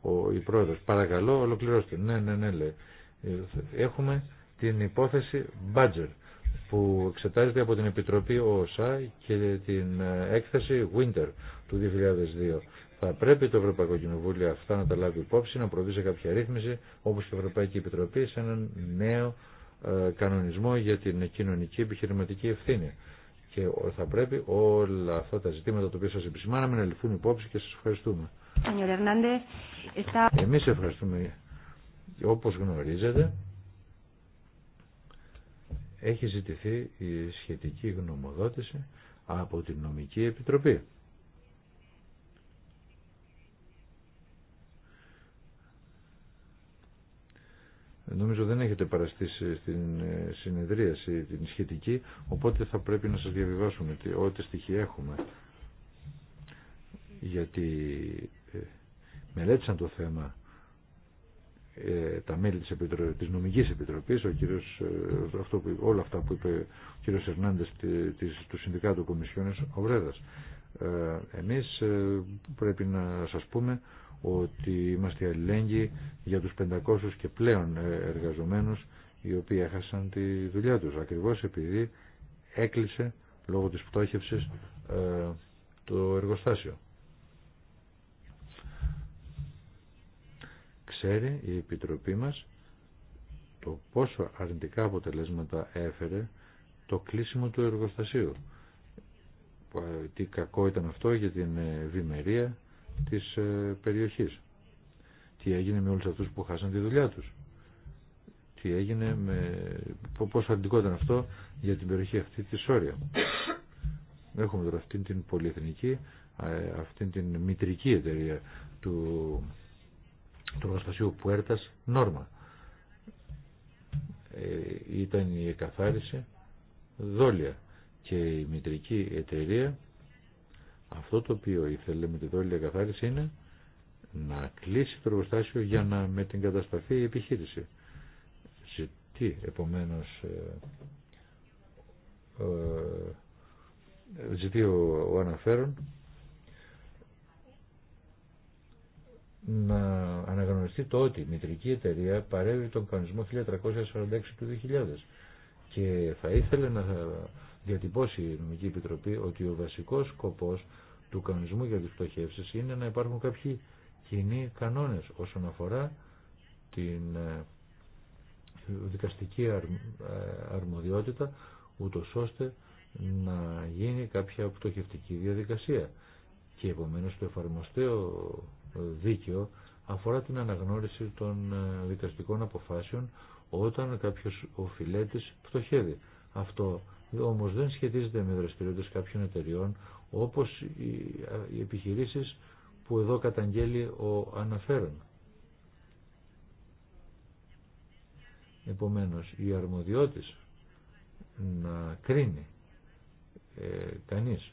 ο, η πρόεδρος. Παρακαλώ ολοκληρώστε. Ναι, ναι, ναι λέει. Ε, έχουμε την υπόθεση Budget που εξετάζεται από την Επιτροπή ΟΣΑ και την ε, έκθεση Winter του 2002. Θα πρέπει το Ευρωπαϊκό Κοινοβούλιο αυτά να τα λάβει υπόψη, να προβεί κάποια ρύθμιση, όπως και η Ευρωπαϊκή Επιτροπή, σε έναν νέο ε, κανονισμό για την κοινωνική επιχειρηματική ευθύνη. Και θα πρέπει όλα αυτά τα ζητήματα τα οποία σα επισημάναμε να ληφθούν υπόψη και σα ευχαριστούμε. Εμεί ευχαριστούμε. όπω γνωρίζετε, έχει ζητηθεί η σχετική γνωμοδότηση από την Νομική Επιτροπή. Νομίζω δεν έχετε παραστήσει στην ε, συνεδρίαση την σχετική, οπότε θα πρέπει να σας διαβιβάσουμε ό,τι στοιχεία έχουμε. Γιατί ε, μελέτησαν το θέμα ε, τα μέλη της, Επιτρο... της νομικής επιτροπής, ο κύριος, αυτό που, όλα αυτά που είπε ο κύριος Ερνάντες του Συνδικάτου Κομισιόνες Ε, εμείς πρέπει να σας πούμε ότι είμαστε αλληλέγγυοι για τους 500 και πλέον ε, εργαζομένους οι οποίοι έχασαν τη δουλειά τους ακριβώς επειδή έκλεισε λόγω της πτώχευσης ε, το εργοστάσιο. Ξέρει η Επιτροπή μας το πόσο αρνητικά αποτελέσματα έφερε το κλείσιμο του εργοστασίου. Τι κακό ήταν αυτό για την ε, ευημερία της ε, περιοχής. Τι έγινε με όλους αυτούς που χάσαν τη δουλειά τους. Τι έγινε με... Πόσο αρνητικό ήταν αυτό για την περιοχή αυτή της Σόρια. Έχουμε τώρα αυτήν την πολυεθνική, αυτήν την μητρική εταιρεία του, του Πουέρτας Νόρμα. Ε, ήταν η εκαθάριση δόλια και η μητρική εταιρεία αυτό το οποίο ήθελε με τη δόλια καθάριση είναι να κλείσει το εργοστάσιο για να με την κατασταθεί η επιχείρηση. Ζητεί επομένως ε, ε, ζητεί ο, αναφέρον να αναγνωριστεί το ότι η μητρική εταιρεία παρέβει τον κανονισμό 1346 του 2000 και θα ήθελε να διατυπώσει η Νομική Επιτροπή ότι ο βασικός σκοπός του κανονισμού για τις πτωχεύσεις είναι να υπάρχουν κάποιοι κοινοί κανόνες όσον αφορά την ε, δικαστική ε, αρμοδιότητα ούτω ώστε να γίνει κάποια πτωχευτική διαδικασία και επομένως το εφαρμοστέο δίκαιο αφορά την αναγνώριση των ε, δικαστικών αποφάσεων όταν κάποιος οφειλέτης πτωχεύει. Αυτό όμως δεν σχετίζεται με δραστηριότητες κάποιων εταιριών όπως οι επιχειρήσεις που εδώ καταγγέλει ο αναφέρον. Επομένως, η αρμοδιότης να κρίνει ε, κανείς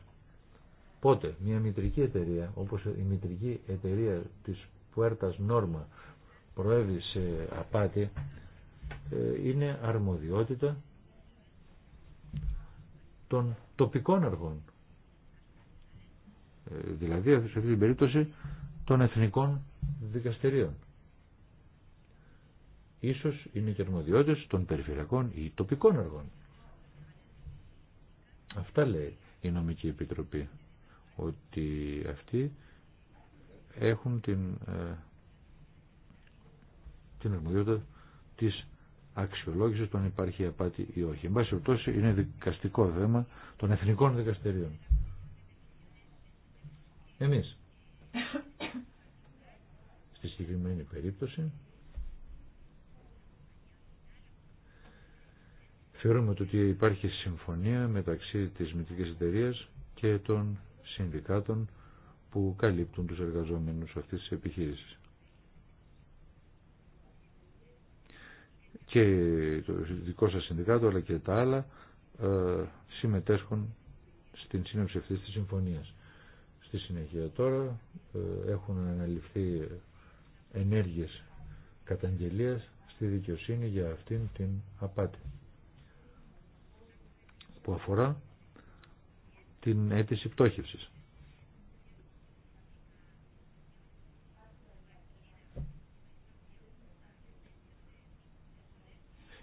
πότε μια μητρική εταιρεία όπως η μητρική εταιρεία της Πουέρτας Νόρμα προέβη σε απάτη ε, είναι αρμοδιότητα των τοπικών αργών. Ε, δηλαδή, σε αυτή την περίπτωση, των εθνικών δικαστηρίων. Ίσως είναι και αρμοδιότητες των περιφερειακών ή τοπικών αργών. Αυτά λέει η Νομική Επιτροπή, ότι αυτοί έχουν την, ε, την αρμοδιότητα της αξιολόγησης το αν υπάρχει απάτη ή όχι. Εν πάση είναι δικαστικό θέμα των εθνικών δικαστηρίων. Εμείς. Στη συγκεκριμένη περίπτωση θεωρούμε ότι υπάρχει συμφωνία μεταξύ της μητρικής εταιρεία και των συνδικάτων που καλύπτουν τους εργαζόμενους αυτής της επιχείρησης. και το δικό σας συνδικάτο αλλά και τα άλλα ε, συμμετέσχουν στην σύνοψη αυτή της συμφωνίας. Στη συνέχεια τώρα ε, έχουν αναλυφθεί ενέργειες καταγγελίας στη δικαιοσύνη για αυτήν την απάτη που αφορά την αίτηση πτώχευσης.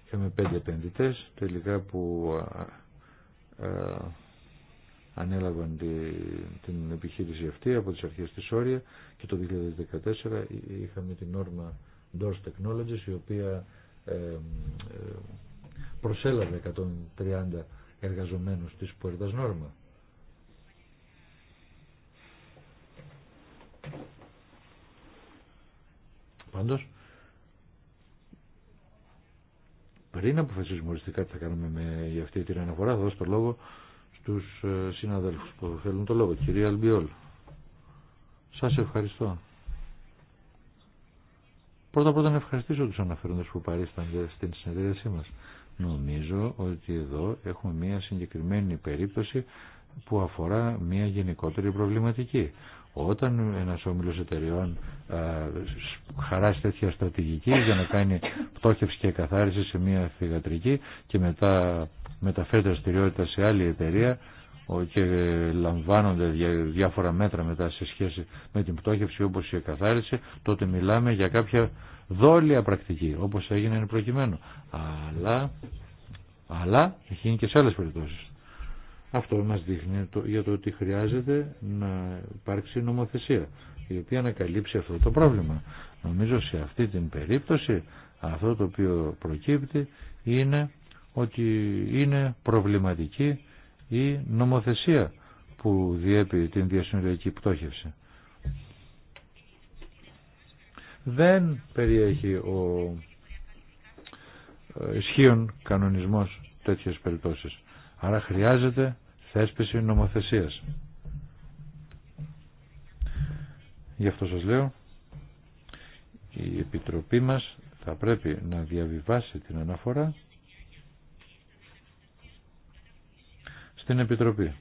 Είχαμε πέντε επενδυτές τελικά που ανέλαβαν την επιχείρηση αυτή από τις αρχές της Σόρια και το 2014 είχαμε την όρμα Doors Technologies η οποία ε, προσέλαβε 130 εργαζομένους της Πουέρτας Νόρμα. Πάντως πριν αποφασίσουμε οριστικά τι θα κάνουμε με, για αυτή την αναφορά, θα δώσω το λόγο στους ε, συναδέλφου που θέλουν το λόγο. Κυρία Αλμπιόλ, σα ευχαριστώ. Πρώτα πρώτα να ευχαριστήσω του αναφέροντες που παρίστανται στην συνεδρίασή μα. Νομίζω ότι εδώ έχουμε μια συγκεκριμένη περίπτωση που αφορά μια γενικότερη προβληματική. Όταν ένας όμιλο εταιριών χαράσει τέτοια στρατηγική για να κάνει πτώχευση και καθάριση σε μια θηγατρική και μετά μεταφέρει δραστηριότητα σε άλλη εταιρεία και λαμβάνονται διάφορα μέτρα μετά σε σχέση με την πτώχευση όπως η καθάριση τότε μιλάμε για κάποια δόλια πρακτική όπως έγινε προκειμένου αλλά, αλλά έχει γίνει και σε άλλες περιπτώσεις αυτό μας δείχνει για το ότι χρειάζεται να υπάρξει νομοθεσία η οποία να καλύψει αυτό το πρόβλημα. Νομίζω σε αυτή την περίπτωση αυτό το οποίο προκύπτει είναι ότι είναι προβληματική η νομοθεσία που διέπει την διασυνοριακή πτώχευση. Δεν περιέχει ο ε, ισχύων κανονισμός τέτοιες περιπτώσεις. Άρα χρειάζεται θέσπιση νομοθεσίας. Γι' αυτό σας λέω, η Επιτροπή μας θα πρέπει να διαβιβάσει την αναφορά στην Επιτροπή.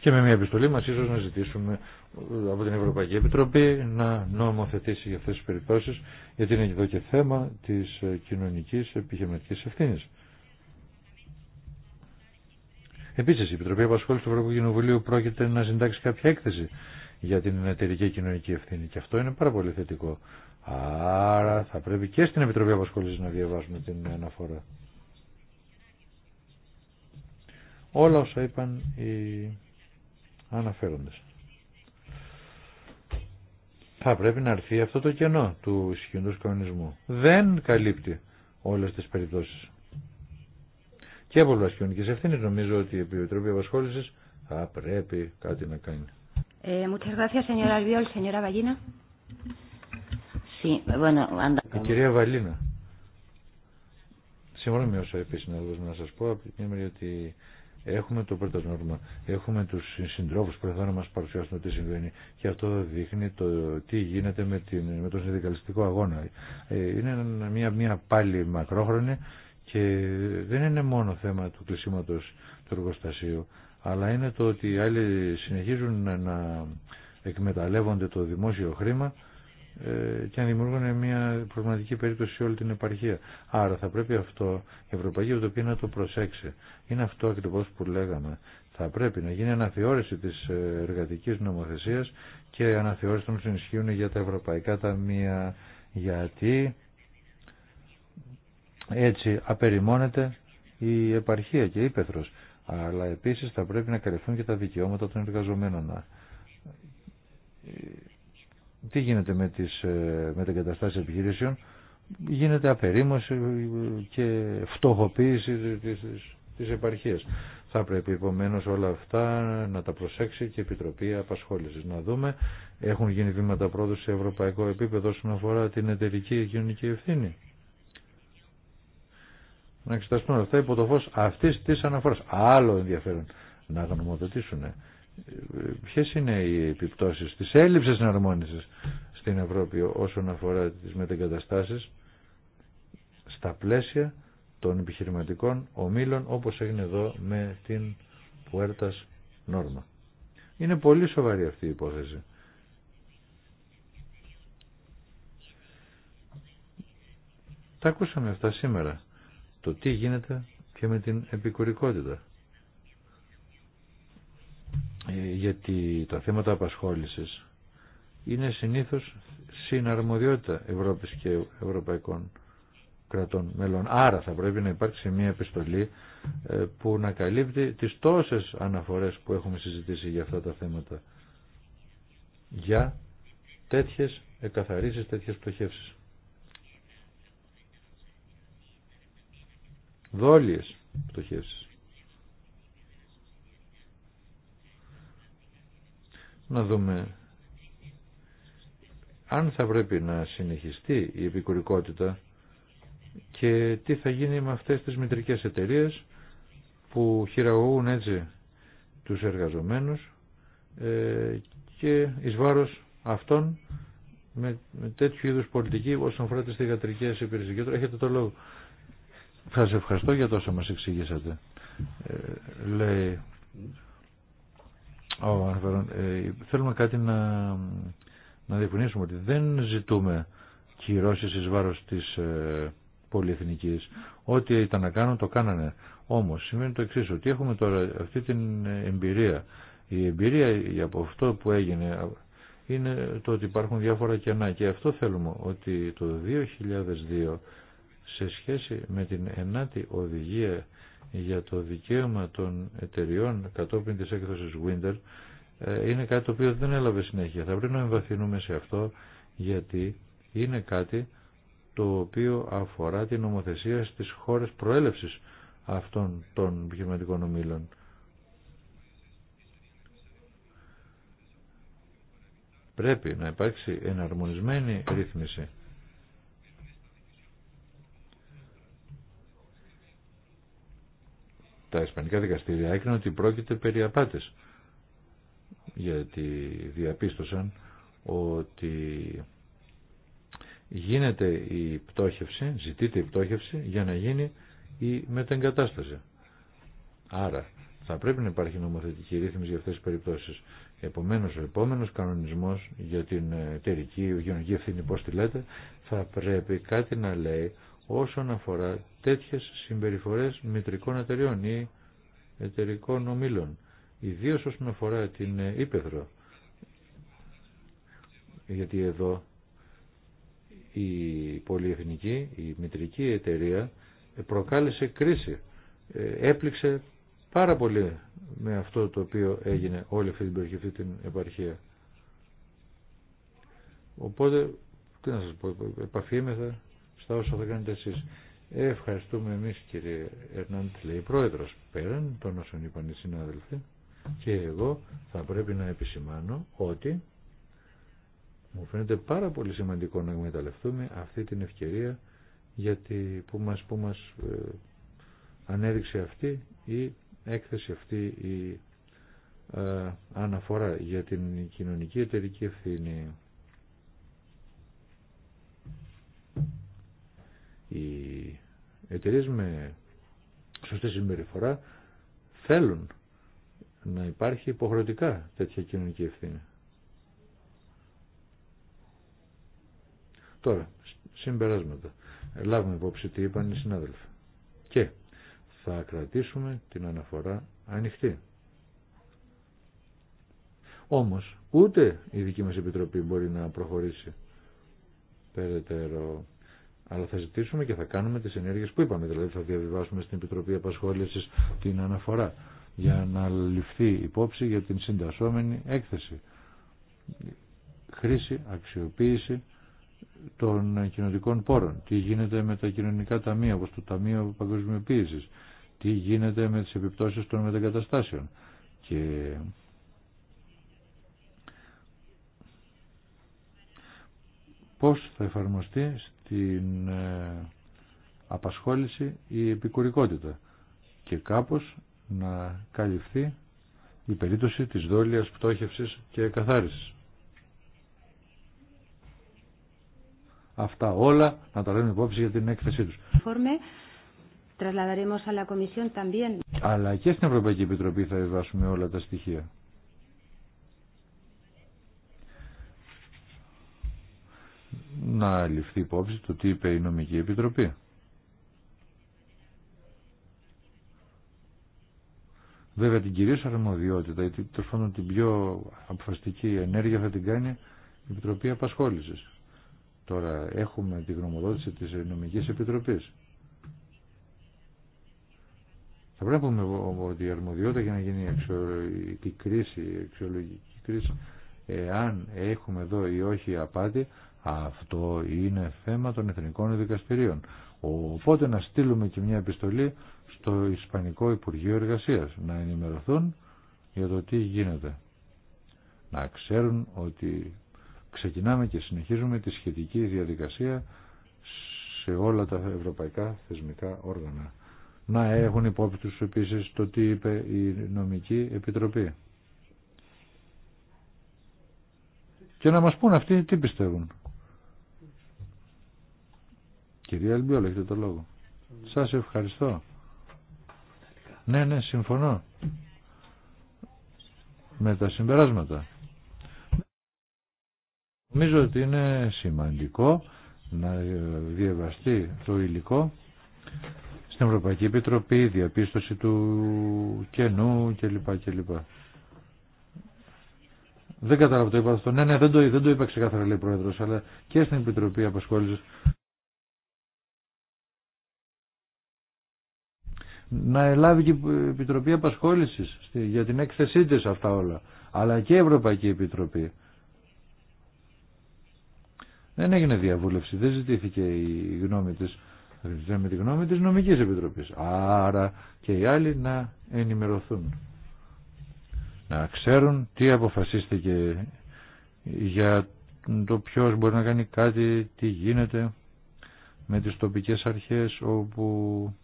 Και με μια επιστολή μας ίσως να ζητήσουμε από την Ευρωπαϊκή Επιτροπή να νομοθετήσει για αυτές τις περιπτώσεις γιατί είναι εδώ και θέμα της ε, κοινωνικής επιχειρηματικής ευθύνης. Επίσης η Επιτροπή Απασχόλησης του Ευρωπαϊκού Κοινοβουλίου πρόκειται να συντάξει κάποια έκθεση για την εταιρική κοινωνική ευθύνη και αυτό είναι πάρα πολύ θετικό. Άρα θα πρέπει και στην Επιτροπή Απασχόλησης να διαβάσουμε την αναφορά. Όλα όσα είπαν οι αναφέροντες θα πρέπει να έρθει αυτό το κενό του ισχυρού κανονισμού. Δεν καλύπτει όλε τι περιπτώσει. Και από πλευρά ευθύνη νομίζω ότι η Επιτροπή Απασχόληση θα πρέπει κάτι να κάνει. Ε, muchas gracias, señora Albiol, señora Ballina. Sí, bueno, anda. Η κυρία Βαλίνα. Συμφωνώ με όσα επίσης να σα πω από την ότι Έχουμε το πρώτο έχουμε τους συντρόφους που εδώ να μας παρουσιάσουν τι συμβαίνει και αυτό δείχνει το τι γίνεται με, την, με τον συνδικαλιστικό αγώνα. Ε, είναι μια, μια πάλι μακρόχρονη και δεν είναι μόνο θέμα του κλεισίματος του εργοστασίου, αλλά είναι το ότι οι άλλοι συνεχίζουν να εκμεταλλεύονται το δημόσιο χρήμα ε, και να δημιουργούν μια προβληματική περίπτωση σε όλη την επαρχία. Άρα θα πρέπει αυτό η Ευρωπαϊκή Επιτροπή να το προσέξει. Είναι αυτό ακριβώ που λέγαμε. Θα πρέπει να γίνει αναθεώρηση της ε, εργατικής νομοθεσίας και αναθεώρηση των συνισχύουν για τα ευρωπαϊκά ταμεία. Γιατί έτσι απεριμώνεται η επαρχία και η Αλλά επίσης θα πρέπει να καλυφθούν και τα δικαιώματα των εργαζομένων τι γίνεται με τις ε, καταστάση επιχειρήσεων, γίνεται απερίμωση ε, και φτωχοποίηση της, της επαρχίας. Θα πρέπει επομένω όλα αυτά να τα προσέξει και η Επιτροπή Απασχόλησης. Να δούμε, έχουν γίνει βήματα πρόοδου σε ευρωπαϊκό επίπεδο όσον αφορά την εταιρική και κοινωνική ευθύνη. Να εξεταστούν αυτά υπό το φως αυτής της αναφοράς. Άλλο ενδιαφέρον να γνωμοδοτήσουν ποιες είναι οι επιπτώσεις της έλλειψης εναρμόνισης στην Ευρώπη όσον αφορά τις μετεγκαταστάσεις στα πλαίσια των επιχειρηματικών ομίλων όπως έγινε εδώ με την Πουέρτας Νόρμα. Είναι πολύ σοβαρή αυτή η υπόθεση. Τα ακούσαμε αυτά σήμερα. Το τι γίνεται και με την επικουρικότητα. Ε, γιατί τα θέματα απασχόλησης είναι συνήθως συναρμοδιότητα Ευρώπης και Ευρωπαϊκών κρατών μελών. Άρα θα πρέπει να υπάρξει μια επιστολή ε, που να καλύπτει τις τόσες αναφορές που έχουμε συζητήσει για αυτά τα θέματα για τέτοιες εκαθαρίσεις, τέτοιες πτωχεύσεις. Δόλιες πτωχεύσεις. να δούμε αν θα πρέπει να συνεχιστεί η επικουρικότητα και τι θα γίνει με αυτές τις μητρικές εταιρείες που χειραγωγούν έτσι τους εργαζομένους ε, και εις βάρος αυτών με, με τέτοιου είδους πολιτική όσον αφορά τις θηγατρικές υπηρεσίες. Έχετε το λόγο. Σας ευχαριστώ για τόσο μας εξηγήσατε. Ε, λέει ε, θέλουμε κάτι να, να διευκρινίσουμε ότι δεν ζητούμε κυρώσεις εις βάρος της ε, πολυεθνικής. Ό,τι ήταν να κάνουν το κάνανε. Όμως σημαίνει το εξής, ότι έχουμε τώρα αυτή την εμπειρία. Η εμπειρία από αυτό που έγινε είναι το ότι υπάρχουν διάφορα κενά και αυτό θέλουμε ότι το 2002 σε σχέση με την ενάτη οδηγία για το δικαίωμα των εταιριών κατόπιν της έκδοσης Winter ε, είναι κάτι το οποίο δεν έλαβε συνέχεια. Θα πρέπει να εμβαθυνούμε σε αυτό γιατί είναι κάτι το οποίο αφορά την νομοθεσία στις χώρες προέλευσης αυτών των επιχειρηματικών ομίλων. Πρέπει να υπάρξει εναρμονισμένη ρύθμιση τα ισπανικά δικαστήρια έκριναν ότι πρόκειται περί απάτες. Γιατί διαπίστωσαν ότι γίνεται η πτώχευση, ζητείται η πτώχευση για να γίνει η μετεγκατάσταση. Άρα θα πρέπει να υπάρχει νομοθετική ρύθμιση για αυτές τις περιπτώσεις. Επομένως ο επόμενος κανονισμός για την εταιρική γεωνική ευθύνη πώς τη λέτε θα πρέπει κάτι να λέει όσον αφορά τέτοιες συμπεριφορές μητρικών εταιριών ή εταιρικών ομίλων, ιδίως όσον αφορά την ε, Ήπεθρο. Γιατί εδώ η πολυεθνική, η μητρική εταιρεία προκάλεσε κρίση, ε, έπληξε πάρα πολύ με αυτό το οποίο έγινε όλη αυτή την περιοχή, αυτή την επαρχία. Οπότε, τι να σας πω, επαφήμεθα στα όσα θα κάνετε εσείς. Ευχαριστούμε εμεί κύριε Ερνάντ, λέει πρόεδρο πέραν των όσων είπαν οι συνάδελφοι και εγώ θα πρέπει να επισημάνω ότι μου φαίνεται πάρα πολύ σημαντικό να εκμεταλλευτούμε αυτή την ευκαιρία γιατί που μας, που μας ε, ανέδειξε αυτή η έκθεση αυτή η ε, αναφορά για την κοινωνική εταιρική ευθύνη. Οι εταιρείε με σωστή συμπεριφορά θέλουν να υπάρχει υποχρεωτικά τέτοια κοινωνική ευθύνη. Τώρα, συμπεράσματα. Λάβουμε υπόψη τι είπαν οι συνάδελφοι. Και θα κρατήσουμε την αναφορά ανοιχτή. Όμως, ούτε η δική μας Επιτροπή μπορεί να προχωρήσει περαιτέρω αλλά θα ζητήσουμε και θα κάνουμε τις ενέργειες που είπαμε. Δηλαδή θα διαβιβάσουμε στην Επιτροπή Απασχόλησης την αναφορά για να ληφθεί υπόψη για την συντασσόμενη έκθεση. Χρήση, αξιοποίηση των κοινωνικών πόρων. Τι γίνεται με τα κοινωνικά ταμεία, όπως το Ταμείο Παγκοσμιοποίησης. Τι γίνεται με τις επιπτώσεις των μετακαταστάσεων. Και πώς θα εφαρμοστεί την ε, απασχόληση η επικουρικότητα και κάπως να καλυφθεί η περίπτωση της δόλιας πτώχευσης και καθάρισης. Αυτά όλα να τα λέμε υπόψη για την έκθεσή τους. Αλλά και στην Ευρωπαϊκή Επιτροπή θα ευάσουμε όλα τα στοιχεία. να ληφθεί υπόψη το τι είπε η νομική επιτροπή. Βέβαια την κυρίως αρμοδιότητα, γιατί τέλος την πιο αποφασιστική ενέργεια θα την κάνει η Επιτροπή Απασχόλησης. Τώρα έχουμε τη γνωμοδότηση της Νομικής Επιτροπής. Θα πρέπει να πούμε ότι η αρμοδιότητα για να γίνει η κρίση, η αξιολογική κρίση, εάν έχουμε εδώ ή όχι απάτη, αυτό είναι θέμα των εθνικών δικαστηρίων. Οπότε να στείλουμε και μια επιστολή στο Ισπανικό Υπουργείο Εργασίας, να ενημερωθούν για το τι γίνεται. Να ξέρουν ότι ξεκινάμε και συνεχίζουμε τη σχετική διαδικασία σε όλα τα ευρωπαϊκά θεσμικά όργανα. Να έχουν υπόψη τους επίσης το τι είπε η νομική επιτροπή. και να μας πούν αυτοί τι πιστεύουν. Κυρία Ελμπιόλα, έχετε το λόγο. Σας ευχαριστώ. Ναι, ναι, συμφωνώ. Με τα συμπεράσματα. Νομίζω ότι είναι σημαντικό να διαβαστεί το υλικό στην Ευρωπαϊκή Επιτροπή, διαπίστωση του κενού κλπ. Δεν κατάλαβα το είπα αυτό. Ναι, ναι, δεν το, δεν το είπα ξεκάθαρα λέει πρόεδρο, αλλά και στην Επιτροπή Απασχόληση. Να ελάβει και η Επιτροπή Απασχόληση για την έκθεσή τη αυτά όλα. Αλλά και η Ευρωπαϊκή Επιτροπή. Δεν έγινε διαβούλευση, δεν ζητήθηκε η γνώμη της, με τη γνώμη της νομικής επιτροπής. Άρα και οι άλλοι να ενημερωθούν να ξέρουν τι αποφασίστηκε για το ποιος μπορεί να κάνει κάτι, τι γίνεται με τις τοπικές αρχές όπου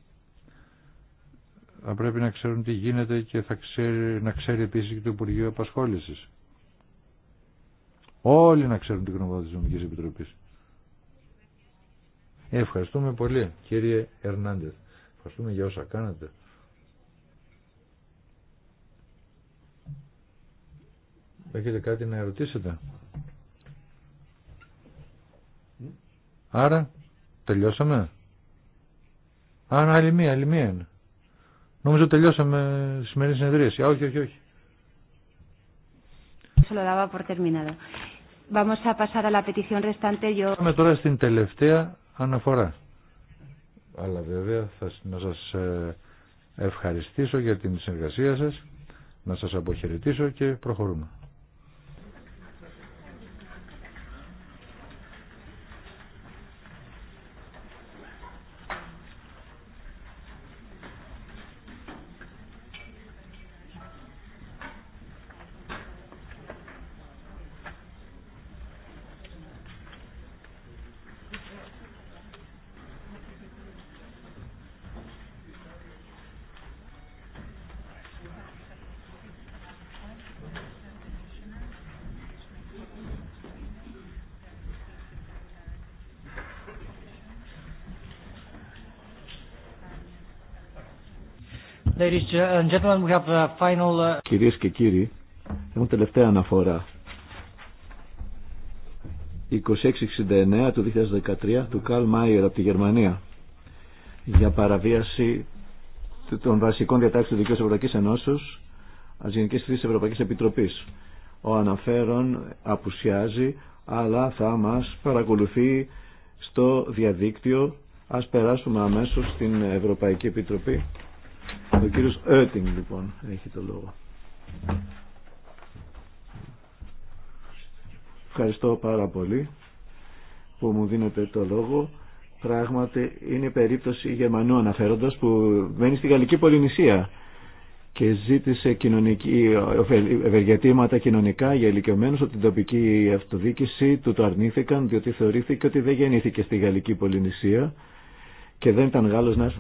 θα πρέπει να ξέρουν τι γίνεται και θα ξέρει, να ξέρει επίσης και το Υπουργείο Απασχόλησης. Όλοι να ξέρουν την γνωμότητα της Νομικής Επιτροπής. Ευχαριστούμε πολύ κύριε Ερνάντες. Ευχαριστούμε για όσα κάνατε. Έχετε κάτι να ερωτήσετε. Άρα, τελειώσαμε. Άρα, άλλη μία, άλλη μία είναι. Νομίζω τελειώσαμε σημερινή συνεδρίαση. Α, όχι, όχι, όχι. Πάμε τώρα στην τελευταία αναφορά. Αλλά βέβαια θα να σας ε, ευχαριστήσω για την συνεργασία σας, να σας αποχαιρετήσω και προχωρούμε. Uh, Κυρίες και κύριοι, έχουμε τελευταία αναφορά. 2669 του 2013 του Καρλ Μάιερ από τη Γερμανία για παραβίαση των βασικών διατάξεων του Δικαίου Ευρωπαϊκής Ενώσεως ας Γενικής Θήσης Ευρωπαϊκής Επιτροπής. Ο αναφέρον απουσιάζει αλλά θα μας παρακολουθεί στο διαδίκτυο. Ας περάσουμε αμέσως στην Ευρωπαϊκή Επιτροπή. Ο κύριος Έρτινγκ λοιπόν έχει το λόγο. Ευχαριστώ πάρα πολύ που μου δίνετε το λόγο. Πράγματι είναι η περίπτωση Γερμανού αναφέροντας που μένει στη Γαλλική Πολυνησία και ζήτησε κοινωνική, ευεργετήματα κοινωνικά για ηλικιωμένου ότι την τοπική αυτοδίκηση του το αρνήθηκαν διότι θεωρήθηκε ότι δεν γεννήθηκε στη Γαλλική Πολυνησία και δεν ήταν Γάλλος να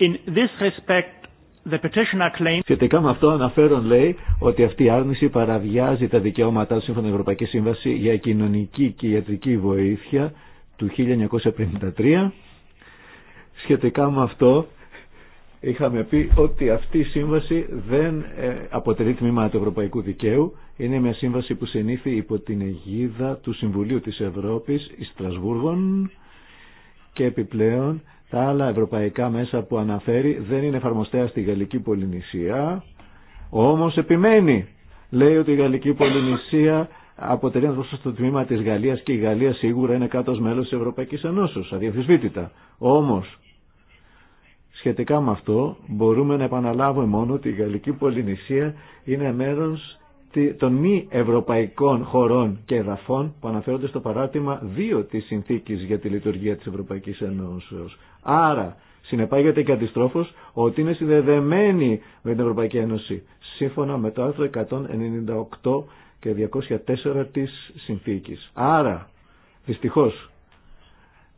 In this respect, the petitioner claims... Σχετικά με αυτό αναφέρον λέει ότι αυτή η άρνηση παραβιάζει τα δικαιώματά του σύμφωνα με Ευρωπαϊκή Σύμβαση για κοινωνική και ιατρική βοήθεια του 1953. Σχετικά με αυτό είχαμε πει ότι αυτή η σύμβαση δεν ε, αποτελεί τμήμα του ευρωπαϊκού δικαίου. Είναι μια σύμβαση που συνήθει υπό την αιγίδα του Συμβουλίου της Ευρώπης Ιστρασβούργων και επιπλέον τα άλλα ευρωπαϊκά μέσα που αναφέρει δεν είναι εφαρμοστέα στη Γαλλική Πολυνησία, όμως επιμένει. Λέει ότι η Γαλλική Πολυνησία αποτελεί ένα στο τμήμα της Γαλλίας και η Γαλλία σίγουρα είναι κάτω μέλος της Ευρωπαϊκής Ενώσεως, αδιαφυσβήτητα. Όμως, σχετικά με αυτό μπορούμε να επαναλάβουμε μόνο ότι η Γαλλική Πολυνησία είναι μέρος των μη ευρωπαϊκών χωρών και εδαφών που αναφέρονται στο παράρτημα 2 της συνθήκης για τη λειτουργία της Ευρωπαϊκής Ένωσης. Άρα, συνεπάγεται και αντιστρόφως ότι είναι συνδεδεμένη με την Ευρωπαϊκή Ένωση, σύμφωνα με το άρθρο 198 και 204 της συνθήκης. Άρα, δυστυχώς,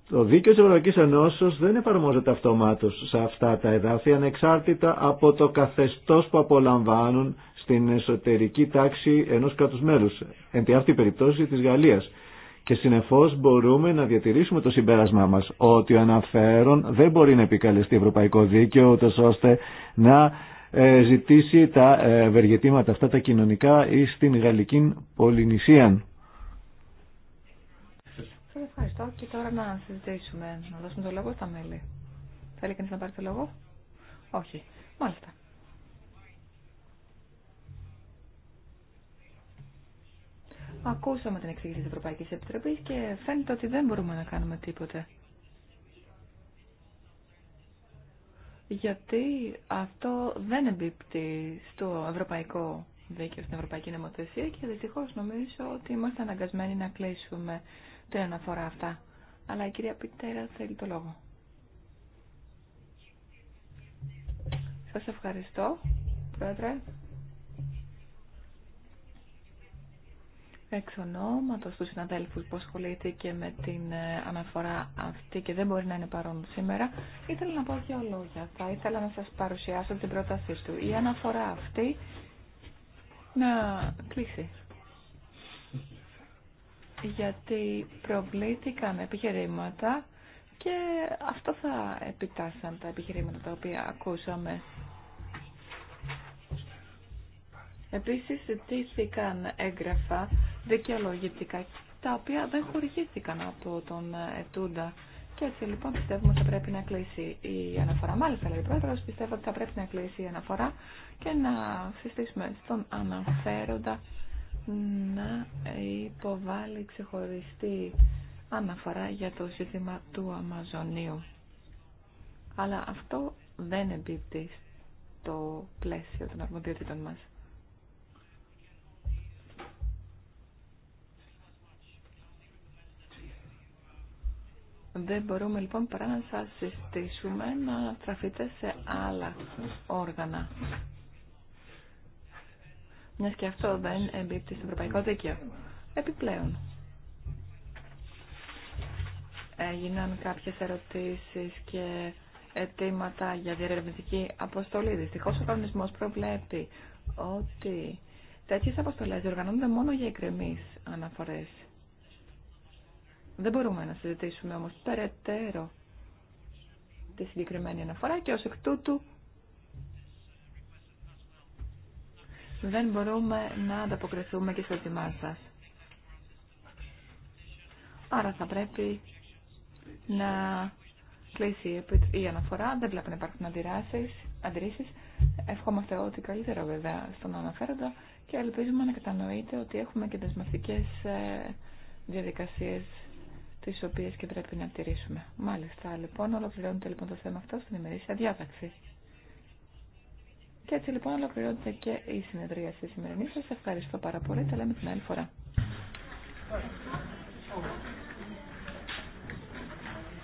το δίκαιο της Ευρωπαϊκής Ενώσεως δεν εφαρμόζεται αυτομάτως σε αυτά τα εδάφη ανεξάρτητα από το καθεστώς που απολαμβάνουν στην εσωτερική τάξη ενός κράτους μέλους, εν τη αυτή περιπτώσει της Γαλλίας. Και συνεφώ μπορούμε να διατηρήσουμε το συμπέρασμά μας ότι ο αναφέρον δεν μπορεί να επικαλεστεί ευρωπαϊκό δίκαιο ώστε να ε, ζητήσει τα ε, ευεργετήματα αυτά τα κοινωνικά ή στην γαλλική πολυνησία. Σα ευχαριστώ και τώρα να συζητήσουμε, να δώσουμε το λόγο στα μέλη. Θέλει κανεί να πάρει το λόγο? Όχι. Μάλιστα. Ακούσαμε την εξήγηση της Ευρωπαϊκής Επιτροπής και φαίνεται ότι δεν μπορούμε να κάνουμε τίποτε. Γιατί αυτό δεν εμπίπτει στο ευρωπαϊκό δίκαιο, στην ευρωπαϊκή νομοθεσία και δυστυχώς νομίζω ότι είμαστε αναγκασμένοι να κλείσουμε την αναφορά αυτά. Αλλά η κυρία Πιτέρα θέλει το λόγο. Σας ευχαριστώ, Πρόεδρε. εξ ονόματος του συναδέλφου που ασχολείται και με την ε, αναφορά αυτή και δεν μπορεί να είναι παρόν σήμερα, ήθελα να πω δύο λόγια. Θα ήθελα να σας παρουσιάσω την πρότασή του. Η αναφορά αυτή να κλείσει. Γιατί προβλήθηκαν επιχειρήματα και αυτό θα επιτάσσαν τα επιχειρήματα τα οποία ακούσαμε Επίσης, ζητήθηκαν έγγραφα δικαιολογητικά, τα οποία δεν χορηγήθηκαν από τον ε, Ετούντα. Και έτσι λοιπόν πιστεύουμε ότι θα πρέπει να κλείσει η αναφορά. Μάλιστα, λέει ο Πρόεδρο, πιστεύω ότι θα πρέπει να κλείσει η αναφορά και να συστήσουμε στον αναφέροντα να υποβάλει ξεχωριστή αναφορά για το ζήτημα του Αμαζονίου. Αλλά αυτό δεν εμπίπτει στο πλαίσιο των αρμοδιοτήτων μας. Δεν μπορούμε λοιπόν παρά να σας συστήσουμε να τραφείτε σε άλλα όργανα. Μιας και αυτό δεν εμπίπτει στο Ευρωπαϊκό Δίκαιο. Επιπλέον. Έγιναν κάποιες ερωτήσεις και αιτήματα για διαρευνητική αποστολή. Δυστυχώς ο κανονισμός προβλέπει ότι τέτοιες αποστολές διοργανώνται μόνο για εκκρεμείς αναφορές. Δεν μπορούμε να συζητήσουμε όμως περαιτέρω τη συγκεκριμένη αναφορά και ως εκ τούτου δεν μπορούμε να ανταποκριθούμε και στο ετοιμά σα. Άρα θα πρέπει να κλείσει η αναφορά. Δεν βλέπω να υπάρχουν αντιρρήσει. Ευχόμαστε ό,τι καλύτερο βέβαια στον αναφέροντα και ελπίζουμε να κατανοείτε ότι έχουμε και δεσμευτικέ ε, διαδικασίε τις οποίες και πρέπει να τηρήσουμε. Μάλιστα, λοιπόν, ολοκληρώνεται λοιπόν το θέμα αυτό στην ημερήσια διάταξη. Και έτσι λοιπόν ολοκληρώνεται και η συνεδρία στη σημερινή. Σας ευχαριστώ πάρα πολύ. Τα λέμε την άλλη φορά.